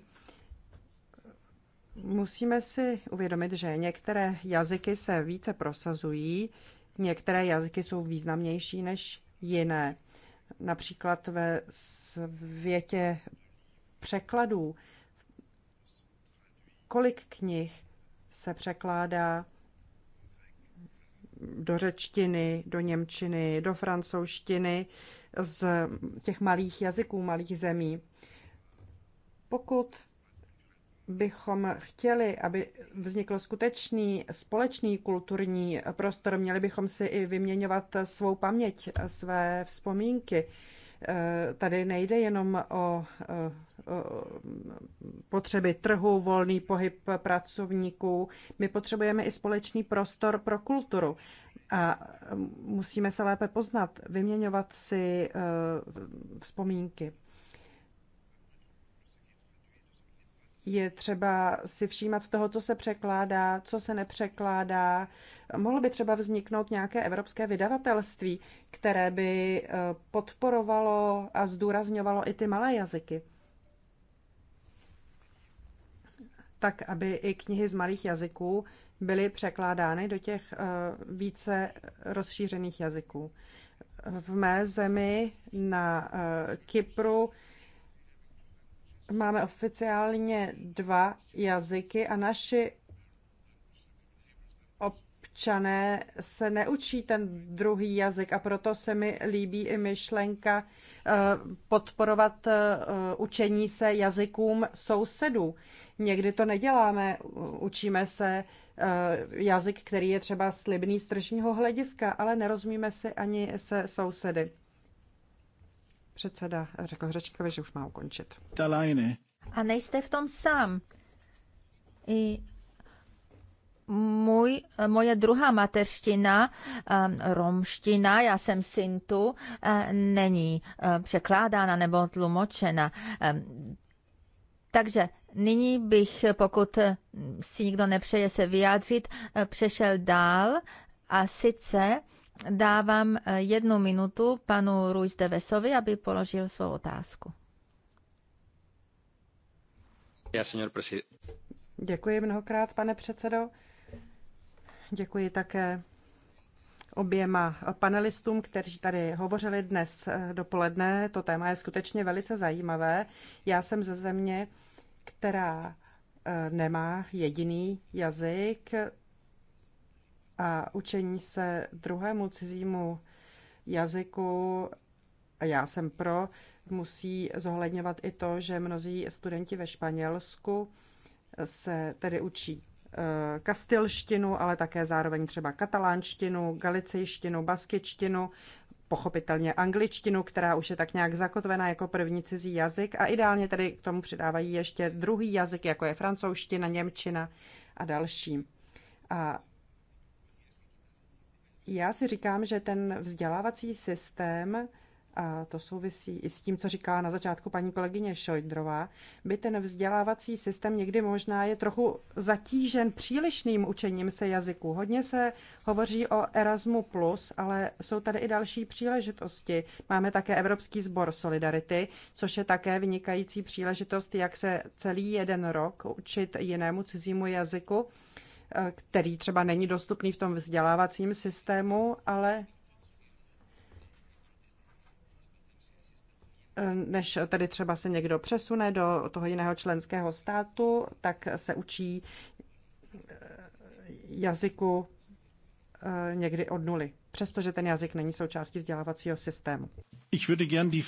musíme si uvědomit, že některé jazyky se více prosazují, některé jazyky jsou významnější než jiné. Například ve světě překladů, kolik knih se překládá do řečtiny, do němčiny, do francouzštiny z těch malých jazyků, malých zemí. Pokud bychom chtěli, aby vznikl skutečný společný kulturní prostor, měli bychom si i vyměňovat svou paměť, své vzpomínky. Eh, tady nejde jenom o eh, Eh, potřeby trhu, volný pohyb pracovníků. My potřebujeme i společný prostor pro kulturu a musíme se lépe poznat, vyměňovat si eh, vzpomínky. je třeba si všímat toho, co se překládá, co se nepřekládá. Mohlo by třeba vzniknout nějaké evropské vydavatelství, které by eh, podporovalo a zdůrazňovalo i ty malé jazyky. tak aby i knihy z malých jazyků byly překládány do těch eh, více rozšířených jazyků. V mé zemi na eh, Kypru máme oficiálně dva jazyky a naši občané se neučí ten druhý jazyk a proto se mi líbí i myšlenka eh, podporovat učení se jazykům sousedů. Někdy to neděláme, učíme se eh, jazyk, který je třeba slibný z tržního hlediska, ale nerozumíme si ani se sousedy. Předseda řekl řečkovi, že už má ukončit. Talajny. A nejste v tom sám. I můj, moje druhá mateřština, eh, romština, já jsem syntu, eh, není překládána nebo tlumočena. Takže Nyní bych, pokud si nikdo nepřeje se vyjádřit, přešel dál a sice dávám jednu minutu panu Ruiz de Vesovi, aby položil svou otázku. Děkuji mnohokrát, pane předsedo. Děkuji také oběma panelistům, kteří tady hovořili dnes dopoledne. To téma je skutečně velice zajímavé. Já jsem ze země, která eh, nemá jediný jazyk a učení se druhému cizímu jazyku, a já jsem pro, musí zohledňovat i to, že mnozí studenti ve Španělsku se tedy učí eh, kastilštinu, ale také zároveň třeba katalánštinu, galicejštinu, baskičtinu pochopitelně angličtinu, která už je tak nějak zakotvená jako první cizí jazyk a ideálně tedy k tomu přidávají ještě druhý jazyk, jako je francouzština, němčina a další. A já si říkám, že ten vzdělávací systém a to souvisí i s tím, co říkala na začátku paní kolegyně Šojdrová, by ten vzdělávací systém někdy možná je trochu zatížen přílišným učením se jazyků. Hodně se hovoří o Erasmu+, ale jsou tady i další příležitosti. Máme také Evropský sbor Solidarity, což je také vynikající příležitost, jak se celý jeden rok učit jinému cizímu jazyku, který třeba není dostupný v tom vzdělávacím systému, ale než tady třeba se někdo přesune do toho jiného členského státu, tak se učí eh, jazyku eh, někdy od nuly, přestože ten jazyk není součástí vzdělávacího systému. Ich würde gern die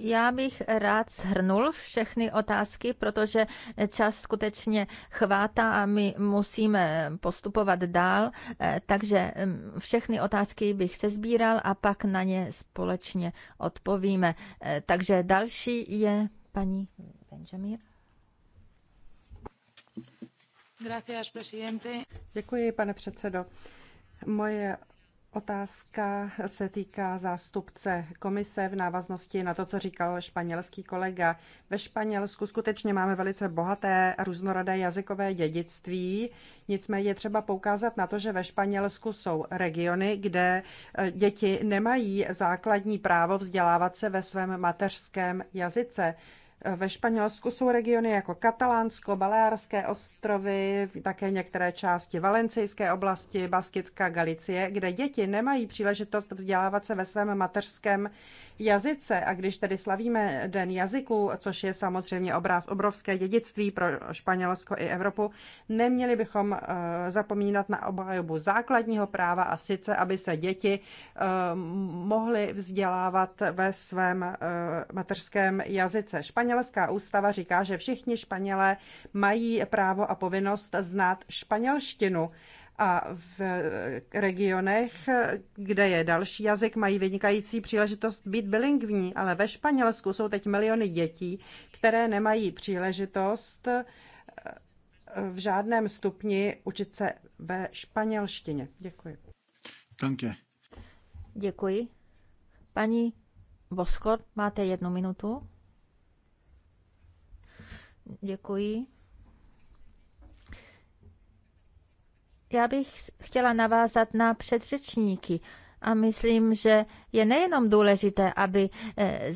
já bych rád shrnul všechny otázky, protože čas skutečně chvátá a my musíme postupovat dál, eh, takže mm, všechny otázky bych sezbíral a pak na ně společně odpovíme. Eh, takže další je paní Benjamin. Děkuji, pane předsedo. Moje Otázka se týká zástupce komise v návaznosti na to, co říkal španělský kolega. Ve Španělsku skutečně máme velice bohaté a různorodé jazykové dědictví, nicméně je třeba poukázat na to, že ve Španělsku jsou regiony, kde eh, děti nemají základní právo vzdělávat se ve svém mateřském jazyce. Ve Španělsku jsou regiony jako Katalánsko, Baleárské ostrovy, také některé části Valencijské oblasti, Baskická Galicie, kde děti nemají příležitost vzdělávat se ve svém mateřském jazyce. A když tedy slavíme Den jazyku, což je samozřejmě obrovské dědictví pro Španělsko i Evropu, neměli bychom eh, zapomínat na obhajobu základního práva a sice, aby se děti eh, mohly vzdělávat ve svém eh, mateřském jazyce. španěl španělská ústava říká, že všichni Španělé mají právo a povinnost znát španělštinu a v regionech, kde je další jazyk, mají vynikající příležitost být bilingvní, ale ve Španělsku jsou teď miliony dětí, které nemají příležitost eh, v žádném stupni učit se ve španělštině. Děkuji. Danke. Děkuji. Paní Voskot, máte jednu minutu. Děkuji. Já bych chtěla navázat na předřečníky a myslím, že je nejenom důležité, aby eh,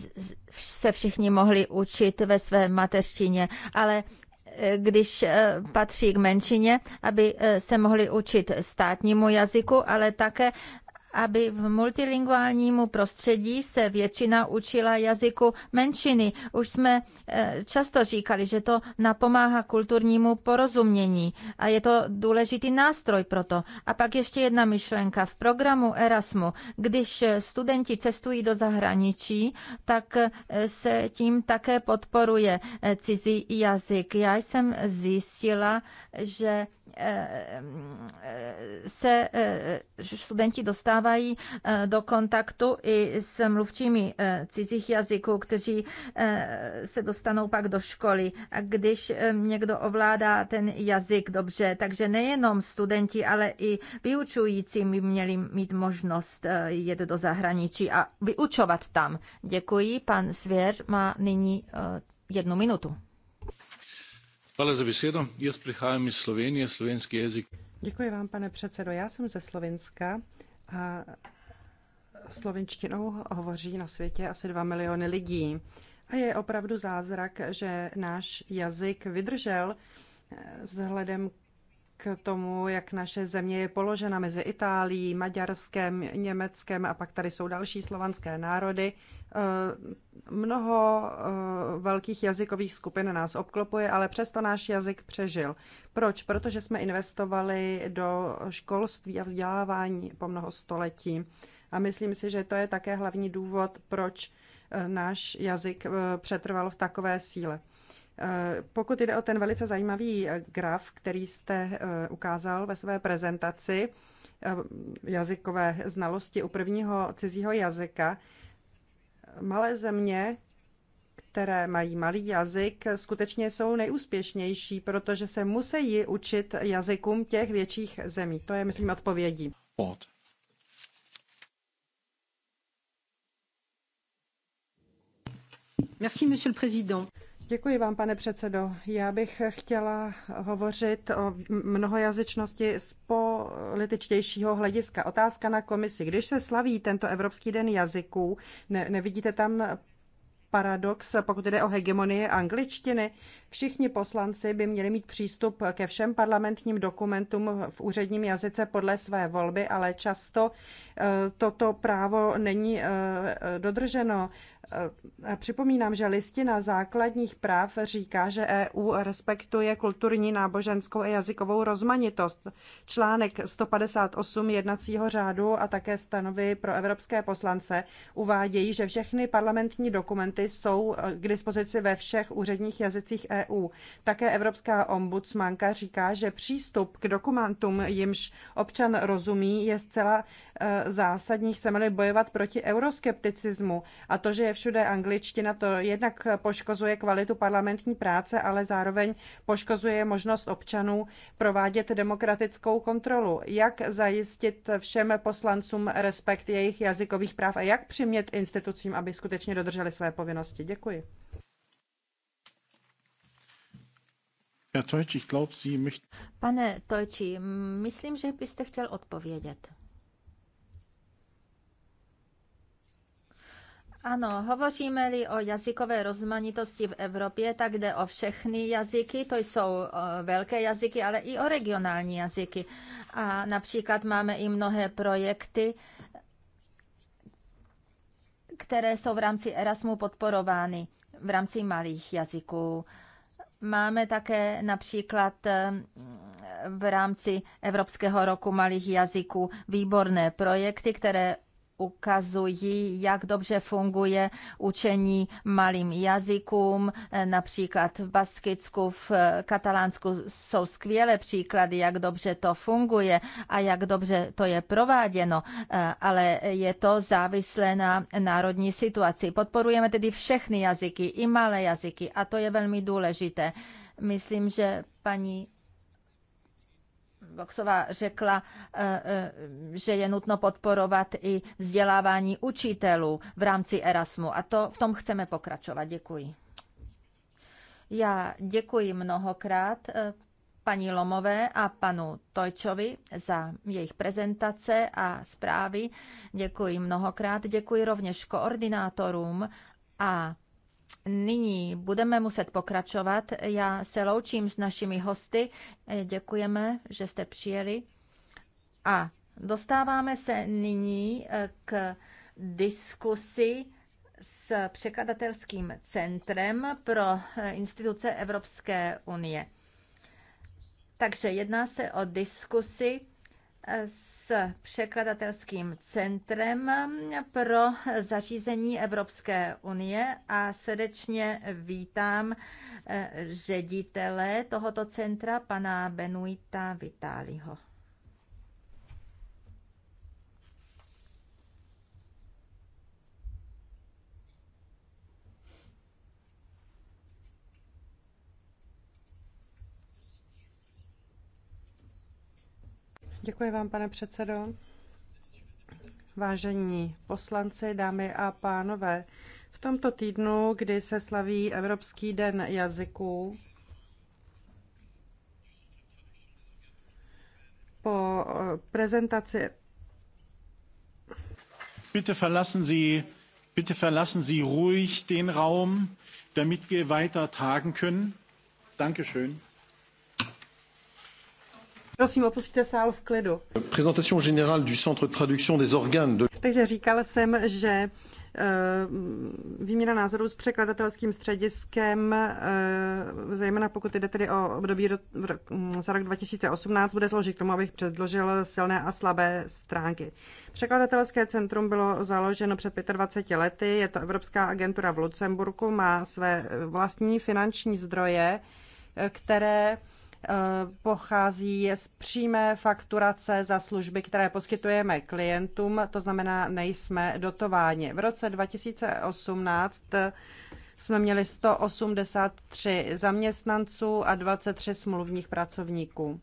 se všichni mohli učit ve své mateřštině, ale eh, když eh, patří k menšině, aby se mohli učit státnímu jazyku, ale také, aby v multilinguálnímu prostředí se většina učila jazyku menšiny. Už jsme eh, často říkali, že to napomáhá kulturnímu porozumění a je to důležitý nástroj pro to. A pak ještě jedna myšlenka. V programu Erasmu, když studenti cestují do zahraničí, tak eh, se tím také podporuje eh, cizí jazyk. Já jsem zjistila, že se eh, studenti dostávají eh, do kontaktu i s mluvčími eh, cizích jazyků, kteří se dostanou pak do školy, když někdo ovládá ten jazyk dobře. Takže nejenom studenti, ale i vyučující by měli mít možnost jet do zahraničí a vyučovat tam. Děkuji. Pan Svěr má nyní jednu minutu. Hvala za besedo. Jaz prihajam iz Slovenije, slovenský jazyk. Děkuji vám, pane předsedo. Já jsem ze Slovenska a slovenštinou hovoří na světě asi 2 miliony lidí. A je opravdu zázrak, že náš jazyk vydržel eh, vzhledem k tomu, jak naše země je položena mezi Itálií, Maďarskem, Německem a pak tady jsou další slovanské národy. Eh, mnoho eh, velkých jazykových skupin nás obklopuje, ale přesto náš jazyk přežil. Proč? Protože jsme investovali do školství a vzdělávání po mnoho století. A myslím si, že to je také hlavní důvod, proč eh, náš jazyk přetrval v takové síle. Eh, pokud jde o ten velice zajímavý eh, graf, který jste eh, ukázal ve své prezentaci, jazykové znalosti u prvního cizího jazyka, malé země, které mají malý jazyk, skutečně jsou nejúspěšnější, protože se musí učit jazykům těch větších zemí. To je, myslím, odpovědí. Pod. Merci, monsieur le président. Děkuji vám, pane předsedo. Já bych chtěla hovořit o mnohojazyčnosti z političtějšího hlediska. Otázka na komisi. Když se slaví tento Evropský den jazyků, ne, nevidíte tam paradox, pokud jde o hegemonii angličtiny. Všichni poslanci by měli mít přístup ke všem parlamentním dokumentům v úředním jazyce podle své volby, ale často eh, toto právo není eh, dodrženo. Eh, připomínám, že listina základních práv říká, že EU respektuje kulturní, náboženskou a jazykovou rozmanitost. Článek 158 jednacího řádu a také stanovy pro evropské poslance uvádějí, že všechny parlamentní dokumenty jsou eh, k dispozici ve všech úředních jazycích EU. Také evropská ombudsmanka říká, že přístup k dokumentům, jimž občan rozumí, je zcela eh, zásadní, chceme-li bojovat proti euroskepticismu a to, že je je všude angličtina, to jednak poškozuje kvalitu parlamentní práce, ale zároveň poškozuje možnost občanů provádět demokratickou kontrolu. Jak zajistit všem poslancům respekt jejich jazykových práv a jak přimět institucím, aby skutečně dodrželi své povinnosti? Děkuji. Pane Tojči, myslím, že byste chtěl odpovědět. Ano, hovoříme-li o jazykové rozmanitosti v Evropě, tak jde o všechny jazyky, to jsou velké jazyky, ale i o regionální jazyky. A například máme i mnohé projekty, které jsou v rámci Erasmu podporovány v rámci malých jazyků. Máme také například v rámci Evropského roku malých jazyků výborné projekty, které ukazují, jak dobře funguje učení malým jazykům, například v Baskicku, v Katalánsku jsou skvělé příklady, jak dobře to funguje a jak dobře to je prováděno, ale je to závislé na národní situaci. Podporujeme tedy všechny jazyky, i malé jazyky a to je velmi důležité. Myslím, že paní Voxová řekla, eh, eh, že je nutno podporovat i vzdělávání učitelů v rámci Erasmu a to v tom chceme pokračovat. Děkuji. Já děkuji mnohokrát eh, paní Lomové a panu Tojčovi za jejich prezentace a zprávy. Děkuji mnohokrát. Děkuji rovněž koordinátorům a nyní budeme muset pokračovat. Já se loučím s našimi hosty. Eh, děkujeme, že jste přijeli. A dostáváme se nyní eh, k diskusi s překladatelským centrem pro eh, instituce Evropské unie. Takže jedná se o diskusi s překladatelským centrem pro zařízení Evropské unie a srdečně vítám eh, ředitele tohoto centra, pana Benuita Vitáliho. Děkuji vám, pane předsedo. Vážení poslanci, dámy a pánové, v tomto týdnu, kdy se slaví Evropský den jazyků, po eh, prezentaci. Bitte verlassen Sie, bitte verlassen Sie ruhig den Raum, damit wir weiter tagen können. Dankeschön. Prosím, opustíte sál v klidu. Présentation générale du Centre de traduction des organes de... Takže říkal jsem, že eh, výměna názorů s překladatelským střediskem, eh, zejména pokud jde tedy o období za rok 2018, bude složit k tomu, abych předložil silné a slabé stránky. Překladatelské centrum bylo založeno před 25 lety, je to Evropská agentura v Lucemburku, má své eh, vlastní finanční zdroje, které pochází z přímé fakturace za služby, které poskytujeme klientům, to znamená, nejsme dotováni. V roce 2018 jsme měli 183 zaměstnanců a 23 smluvních pracovníků.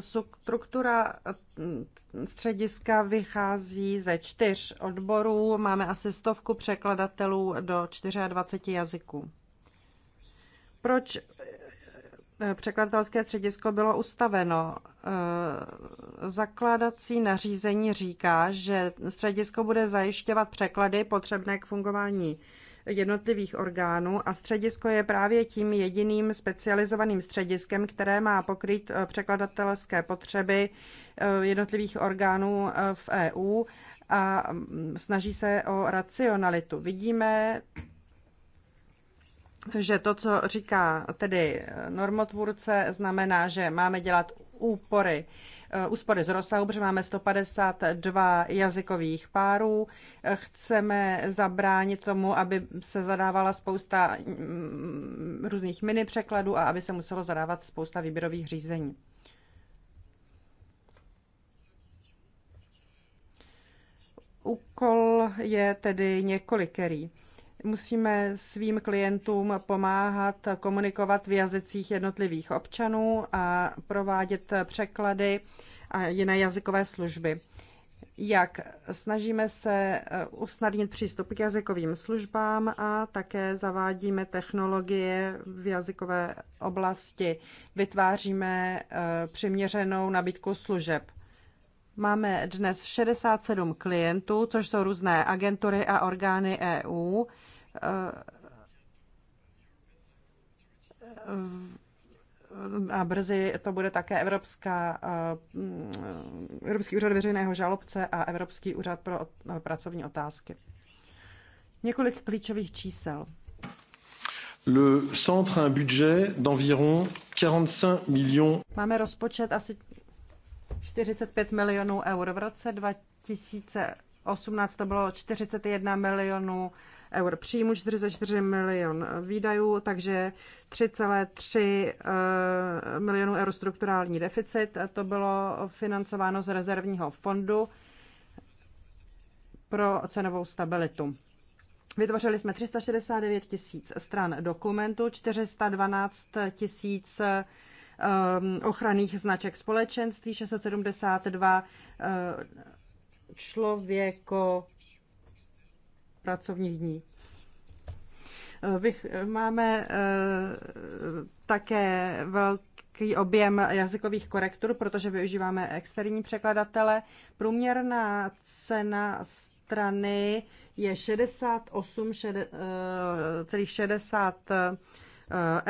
Struktura eh, střediska vychází ze čtyř odborů. Máme asi stovku překladatelů do 24 jazyků. Proč eh, překladatelské středisko bylo ustaveno. Eh, zakládací nařízení říká, že středisko bude zajišťovat překlady potřebné k fungování jednotlivých orgánů a středisko je právě tím jediným specializovaným střediskem, které má pokryt eh, překladatelské potřeby eh, jednotlivých orgánů eh, v EU a mm, snaží se o racionalitu. Vidíme že to, co říká tedy normotvůrce, znamená, že máme dělat úpory Eh, úspory z rozsahu, protože máme 152 jazykových párů. Eh, chceme zabránit tomu, aby se zadávala spousta mm, různých mini překladů a aby se muselo zadávat spousta výběrových řízení. Úkol je tedy několikerý. Musíme svým klientům pomáhat komunikovat v jazycích jednotlivých občanů a provádět překlady a jiné jazykové služby. Jak snažíme se eh, usnadnit přístup k jazykovým službám a také zavádíme technologie v jazykové oblasti. Vytváříme eh, přiměřenou nabídku služeb. Máme dnes 67 klientů, což jsou různé agentury a orgány EU a brzy to bude také Evropská, eh, Evropský úřad veřejného žalobce a Evropský úřad pro pracovní otázky. Několik klíčových čísel. Le centre a un budget d'environ 45 millions. Máme rozpočet asi 45 milionů eur. V roce 2018 to bylo 41 milionů eur příjmu, 44 milion výdajů, takže 3,3 eh, milionů eur strukturální deficit. To bylo financováno z rezervního fondu pro cenovou stabilitu. Vytvořili jsme 369 tisíc stran dokumentu, 412 tisíc eh, ochranných značek společenství, 672 eh, člověko pracovních dní. Eh, máme eh, také velký objem jazykových korektur, protože využíváme externí překladatele. Průměrná cena strany je 68,60 eh,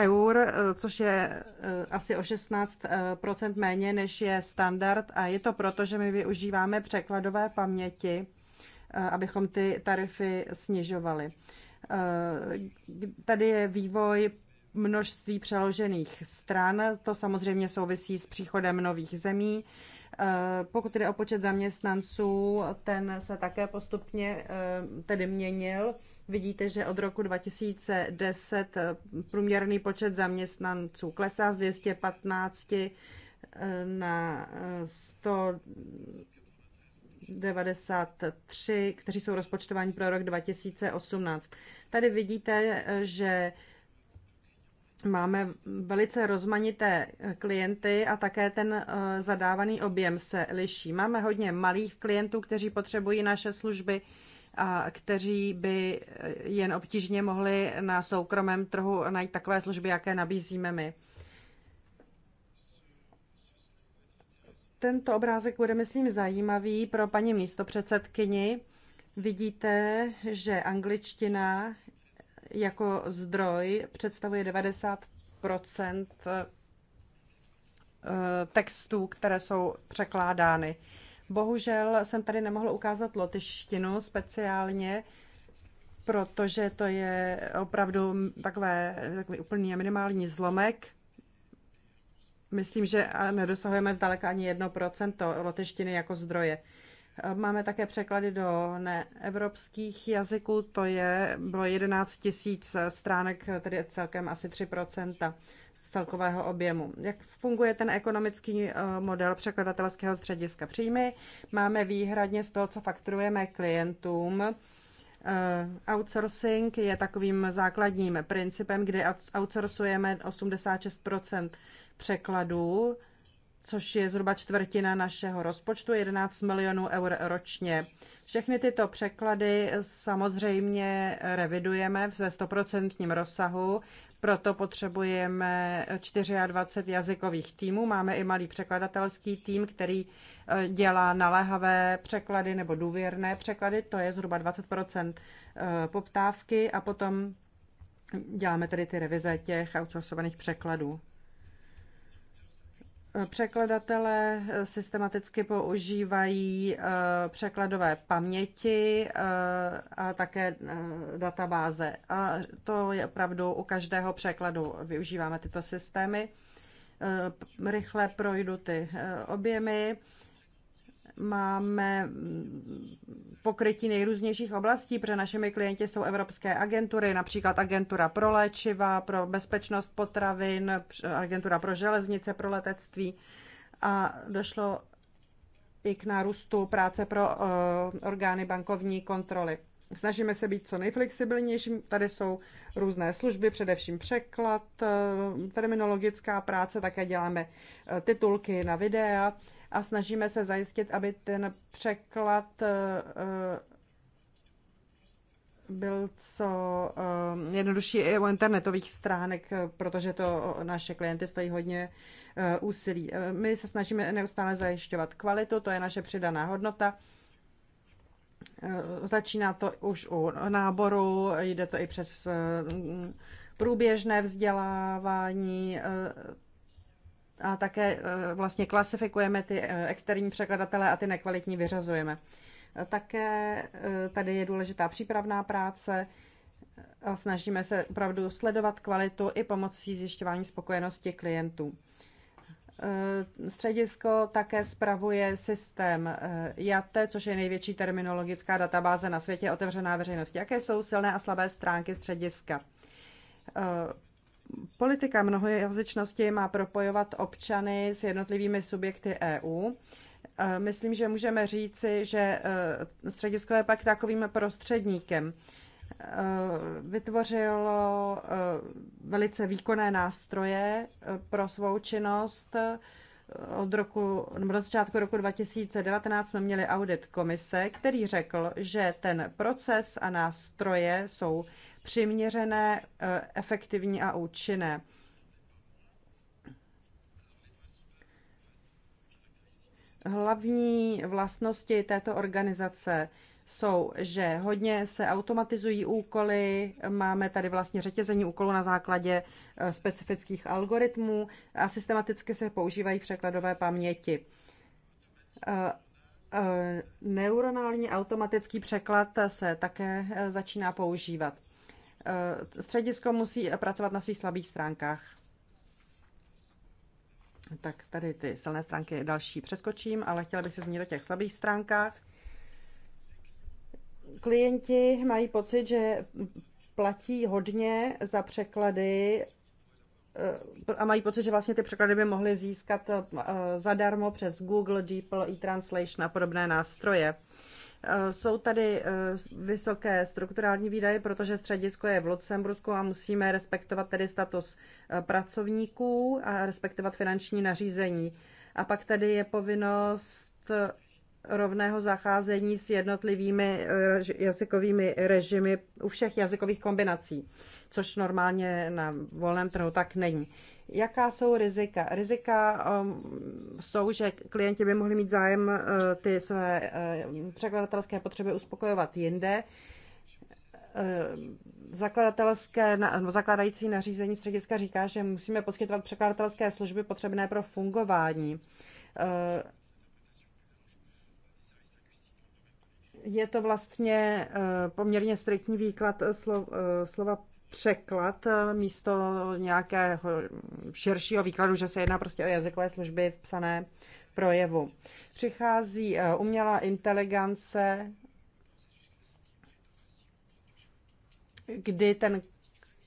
eur, což je asi o 16 méně, než je standard. A je to proto, že my využíváme překladové paměti abychom ty tarify snižovali. E, tady je vývoj množství přeložených stran, to samozřejmě souvisí s příchodem nových zemí. E, pokud jde o počet zaměstnanců, ten se také postupně e, tedy měnil. Vidíte, že od roku 2010 průměrný počet zaměstnanců klesá z 215 na 100 93, kteří jsou rozpočtováni pro rok 2018. Tady vidíte, že máme velice rozmanité klienty a také ten eh, zadávaný objem se liší. Máme hodně malých klientů, kteří potřebují naše služby a kteří by eh, jen obtížně mohli na soukromém trhu najít takové služby, jaké nabízíme my. Tento obrázek bude, myslím, zajímavý pro paní místopředsedkyni. Vidíte, že angličtina jako zdroj představuje 90 eh, textů, které jsou překládány. Bohužel jsem tady nemohla ukázat lotyštinu speciálně, protože to je opravdu takové, takový úplný minimální zlomek myslím, že nedosahujeme zdaleka ani 1% lotyštiny jako zdroje. E, máme také překlady do neevropských jazyků, to je, bylo 11 tisíc stránek, tedy celkem asi 3% z celkového objemu. Jak funguje ten ekonomický e, model překladatelského střediska? Příjmy máme výhradně z toho, co fakturujeme klientům, Eh, outsourcing je takovým základním principem, kdy outsourcujeme 86 překladů, což je zhruba čtvrtina našeho rozpočtu, 11 milionů eur ročně. Všechny tyto překlady samozřejmě revidujeme ve 100% rozsahu proto potřebujeme 24 jazykových týmů. Máme i malý překladatelský tým, který eh, dělá naléhavé překlady nebo důvěrné překlady. To je zhruba 20 eh, poptávky a potom děláme tedy ty revize těch outsourcovaných překladů. Překladatelé eh, systematicky používají eh, překladové paměti eh, a také databáze. A to je opravdu u každého překladu využíváme tyto systémy. Rychle projdu ty objemy máme mm, pokrytí nejrůznějších oblastí, protože našimi klienti jsou evropské agentury, například agentura pro léčiva, pro bezpečnost potravin, agentura pro železnice, pro letectví. A došlo i k nárůstu práce pro eh, orgány bankovní kontroly. Snažíme se být co nejflexibilnější. Tady jsou různé služby, především překlad, eh, terminologická práce, také děláme eh, titulky na videa a snažíme se zajistit, aby ten překlad eh, eh, byl co eh, jednodušší i u internetových stránek, protože to naše klienty stojí hodně úsilí. My se snažíme neustále zajišťovat kvalitu, to je naše přidaná hodnota. Začíná to už u náboru, jde to i přes průběžné vzdělávání, a také e, vlastně klasifikujeme ty e, externí překladatele a ty nekvalitní vyřazujeme. E, také tady je důležitá přípravná práce a snažíme se opravdu sledovat kvalitu i pomocí zjišťování spokojenosti klientů. Středisko také spravuje systém JATE, což je největší terminologická databáze na světě otevřená veřejnosti. Jaké jsou silné a slabé stránky střediska? Politika mnohojazyčnosti má propojovat občany s jednotlivými subjekty EU. E, myslím, že můžeme říci, že e, středisko je pak takovým prostředníkem. E, vytvořilo velice výkonné nástroje pro svou činnost. Od roku, nebo do začátku roku 2019 jsme měli audit komise, který řekl, že ten proces a nástroje jsou přiměřené, eh, efektivní a účinné. Hlavní vlastnosti této organizace jsou, že hodně se automatizují úkoly, máme tady vlastně řetězení úkolů na základě eh, specifických algoritmů a systematicky se používají překladové paměti. Eh, neuronální automatický překlad se také začíná používat. Eh, středisko musí pracovat na svých slabých stránkách. Tak tady ty silné stránky další přeskočím, ale chtěla bych se zmínit o těch slabých stránkách. Klienti mají pocit, že platí hodně za překlady eh, a mají pocit, že vlastně ty překlady by mohly získat eh, zadarmo přes Google, DeepL, e-translation a podobné nástroje. Eh, jsou tady eh, vysoké strukturální výdaje, protože středisko je v Lucembursku a musíme respektovat tedy status eh, pracovníků a respektovat finanční nařízení. A pak tady je povinnost rovného zacházení s jednotlivými jazykovými režimy u všech jazykových kombinací, což normálně na volném trhu tak není. Jaká jsou rizika? Rizika um, jsou, že klienti by mohli mít zájem uh, ty své uh, překladatelské potřeby uspokojovat jinde. Uh, zakladatelské, no, zakladající nařízení střediska říká, že musíme poskytovat překladatelské služby potřebné pro fungování je to vlastně poměrně striktní výklad slova překlad eh, místo nějakého širšího výkladu, že se jedná prostě o jazykové služby v psané projevu. Přichází eh, umělá inteligence, kdy ten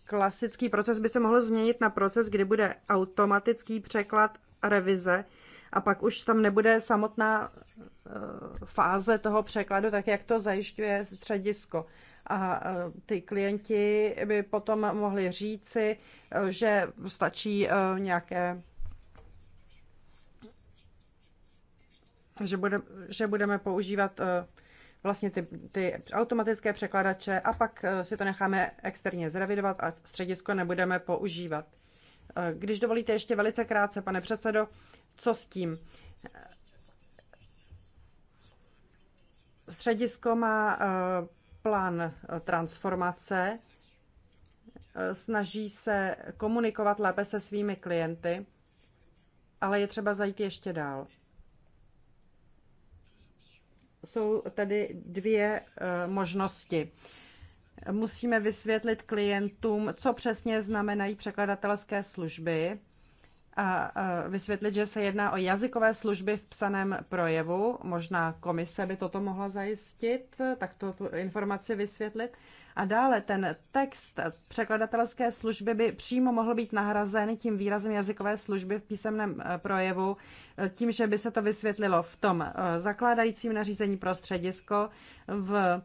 klasický proces by se mohl změnit na proces, kdy bude automatický překlad revize a pak už tam nebude samotná eh, fáze toho překladu, tak jak to zajišťuje středisko a e, ty klienti by potom mohli říci, e, že stačí e, nějaké že, bude, že budeme používat vlastně ty, ty automatické překladače a pak si to necháme externě zrevidovat a středisko nebudeme používat. Když dovolíte ještě velice krátce, pane předsedo, co s tím? Středisko má plán eh, transformace, eh, snaží se komunikovat lépe se svými klienty, ale je třeba zajít ještě dál. Jsou tady dvě eh, možnosti. Musíme vysvětlit klientům, co přesně znamenají překladatelské služby a vysvětlit, že se jedná o jazykové služby v psaném projevu. Možná komise by toto mohla zajistit, tak to, tu informaci vysvětlit. A dále ten text překladatelské služby by přímo mohl být nahrazen tím výrazem jazykové služby v písemném e, projevu, e, tím, že by se to vysvětlilo v tom e, zakládajícím nařízení pro středisko, v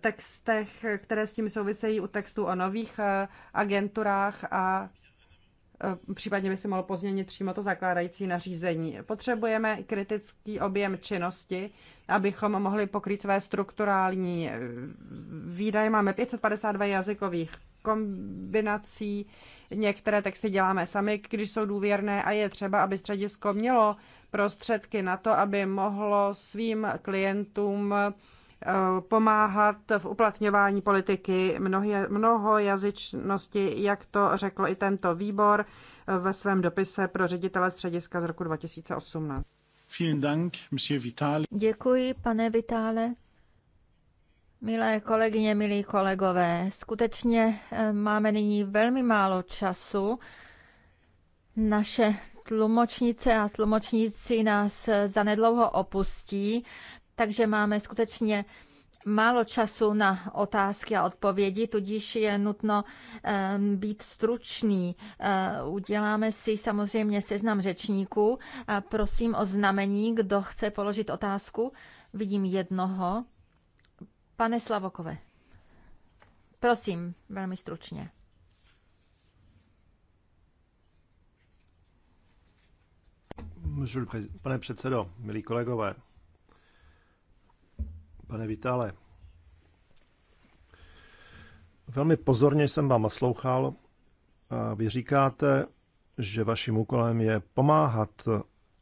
textech, které s tím souvisejí u textů o nových agenturách a Eh, případně by se mohlo pozměnit přímo to zakládající nařízení. Potřebujeme kritický objem činnosti, abychom mohli pokrýt své strukturální eh, výdaje. Máme 552 jazykových kombinací, některé texty děláme sami, když jsou důvěrné a je třeba, aby středisko mělo prostředky na to, aby mohlo svým klientům Eh, pomáhat v uplatňování politiky mnoho jazyčnosti, jak to řekl i tento výbor eh, ve svém dopise pro ředitele střediska z roku 2018. Děkuji, pane Vitále. Milé kolegyně, milí kolegové, skutečně eh, máme nyní velmi málo času. Naše tlumočnice a tlumočníci nás zanedlouho opustí, takže máme skutečně málo času na otázky a odpovědi, tudíž je nutno ehm, být stručný. Ehm, uděláme si samozřejmě seznam řečníků. Prosím o znamení, kdo chce položit otázku. Vidím jednoho. Pane Slavokové, prosím, velmi stručně. Pane předsedo, milí kolegové, pane Vitále. Velmi pozorně jsem vám naslouchal. A vy říkáte, že vaším úkolem je pomáhat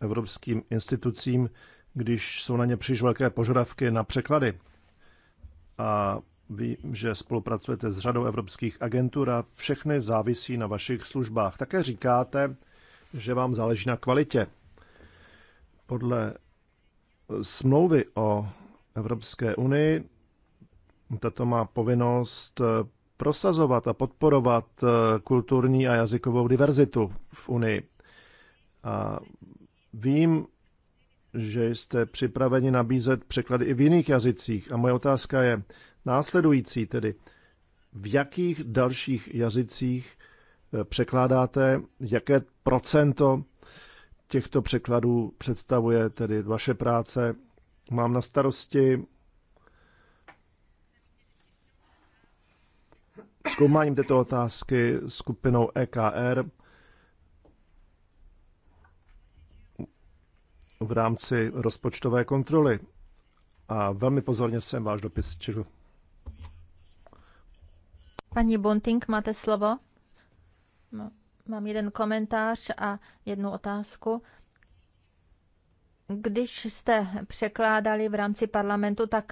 evropským institucím, když jsou na ně příliš velké požadavky na překlady. A vím, že spolupracujete s řadou evropských agentur a všechny závisí na vašich službách. Také říkáte, že vám záleží na kvalitě. Podle smlouvy o Evropské unii. Tato má povinnost eh, prosazovat a podporovat eh, kulturní a jazykovou diverzitu v Unii. A vím, že jste připraveni nabízet překlady i v jiných jazycích. A moje otázka je následující tedy. V jakých dalších jazycích eh, překládáte, jaké procento těchto překladů představuje tedy vaše práce Mám na starosti zkoumáním této otázky skupinou EKR v rámci rozpočtové kontroly. A velmi pozorně jsem váš dopis četl. Paní Bunting, máte slovo? No, mám jeden komentář a jednu otázku. Když jste překládali v rámci parlamentu, tak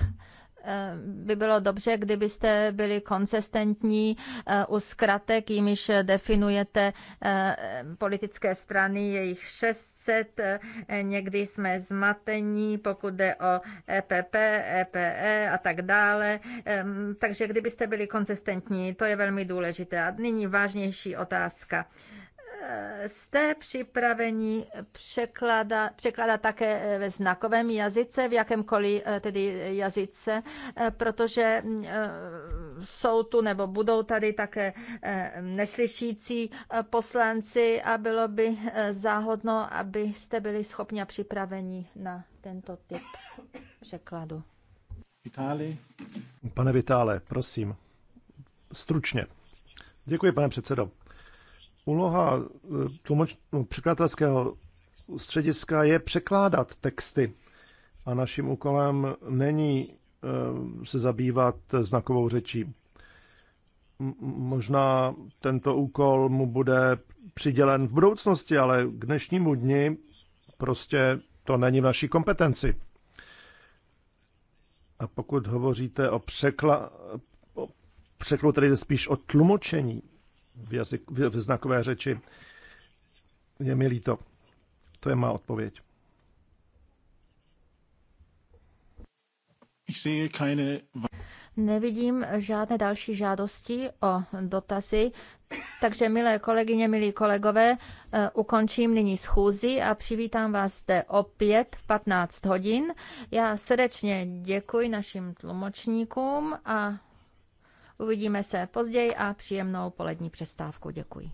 eh, by bylo dobře, kdybyste byli konsistentní eh, u zkratek, jimiž definujete eh, politické strany, jejich 600, někdy jsme zmatení, pokud jde o EPP, EPE a tak dále. Ehm, takže kdybyste byli konsistentní, to je velmi důležité. A nyní vážnější otázka jste připraveni překladat, překladat také eh, ve znakovém jazyce, v jakémkoliv eh, tedy jazyce, eh, protože jsou tu nebo budou tady také neslyšící poslanci a bylo by záhodno, abyste byli schopni a připraveni na tento typ překladu. Vitáli. Pane Vitále, prosím, stručně. Děkuji, pane předsedo. Úloha e, tlumoč, no, překladatelského střediska je překládat texty. A naším úkolem není e, se zabývat znakovou řečí. Možná tento úkol mu bude přidělen v budoucnosti, ale k dnešnímu dni prostě to není v naší kompetenci. A pokud hovoříte o překla... O překladu tedy spíš o tlumočení, v, jazyk, v znakové řeči. Je mi líto. To je má odpověď. Nevidím žádné další žádosti o dotazy, takže milé kolegyně, milí kolegové, eh, ukončím nyní schůzi a přivítám vás zde opět v 15 hodin. Já srdečně děkuji našim tlumočníkům a Uvidíme se později a příjemnou polední přestávku. Děkuji.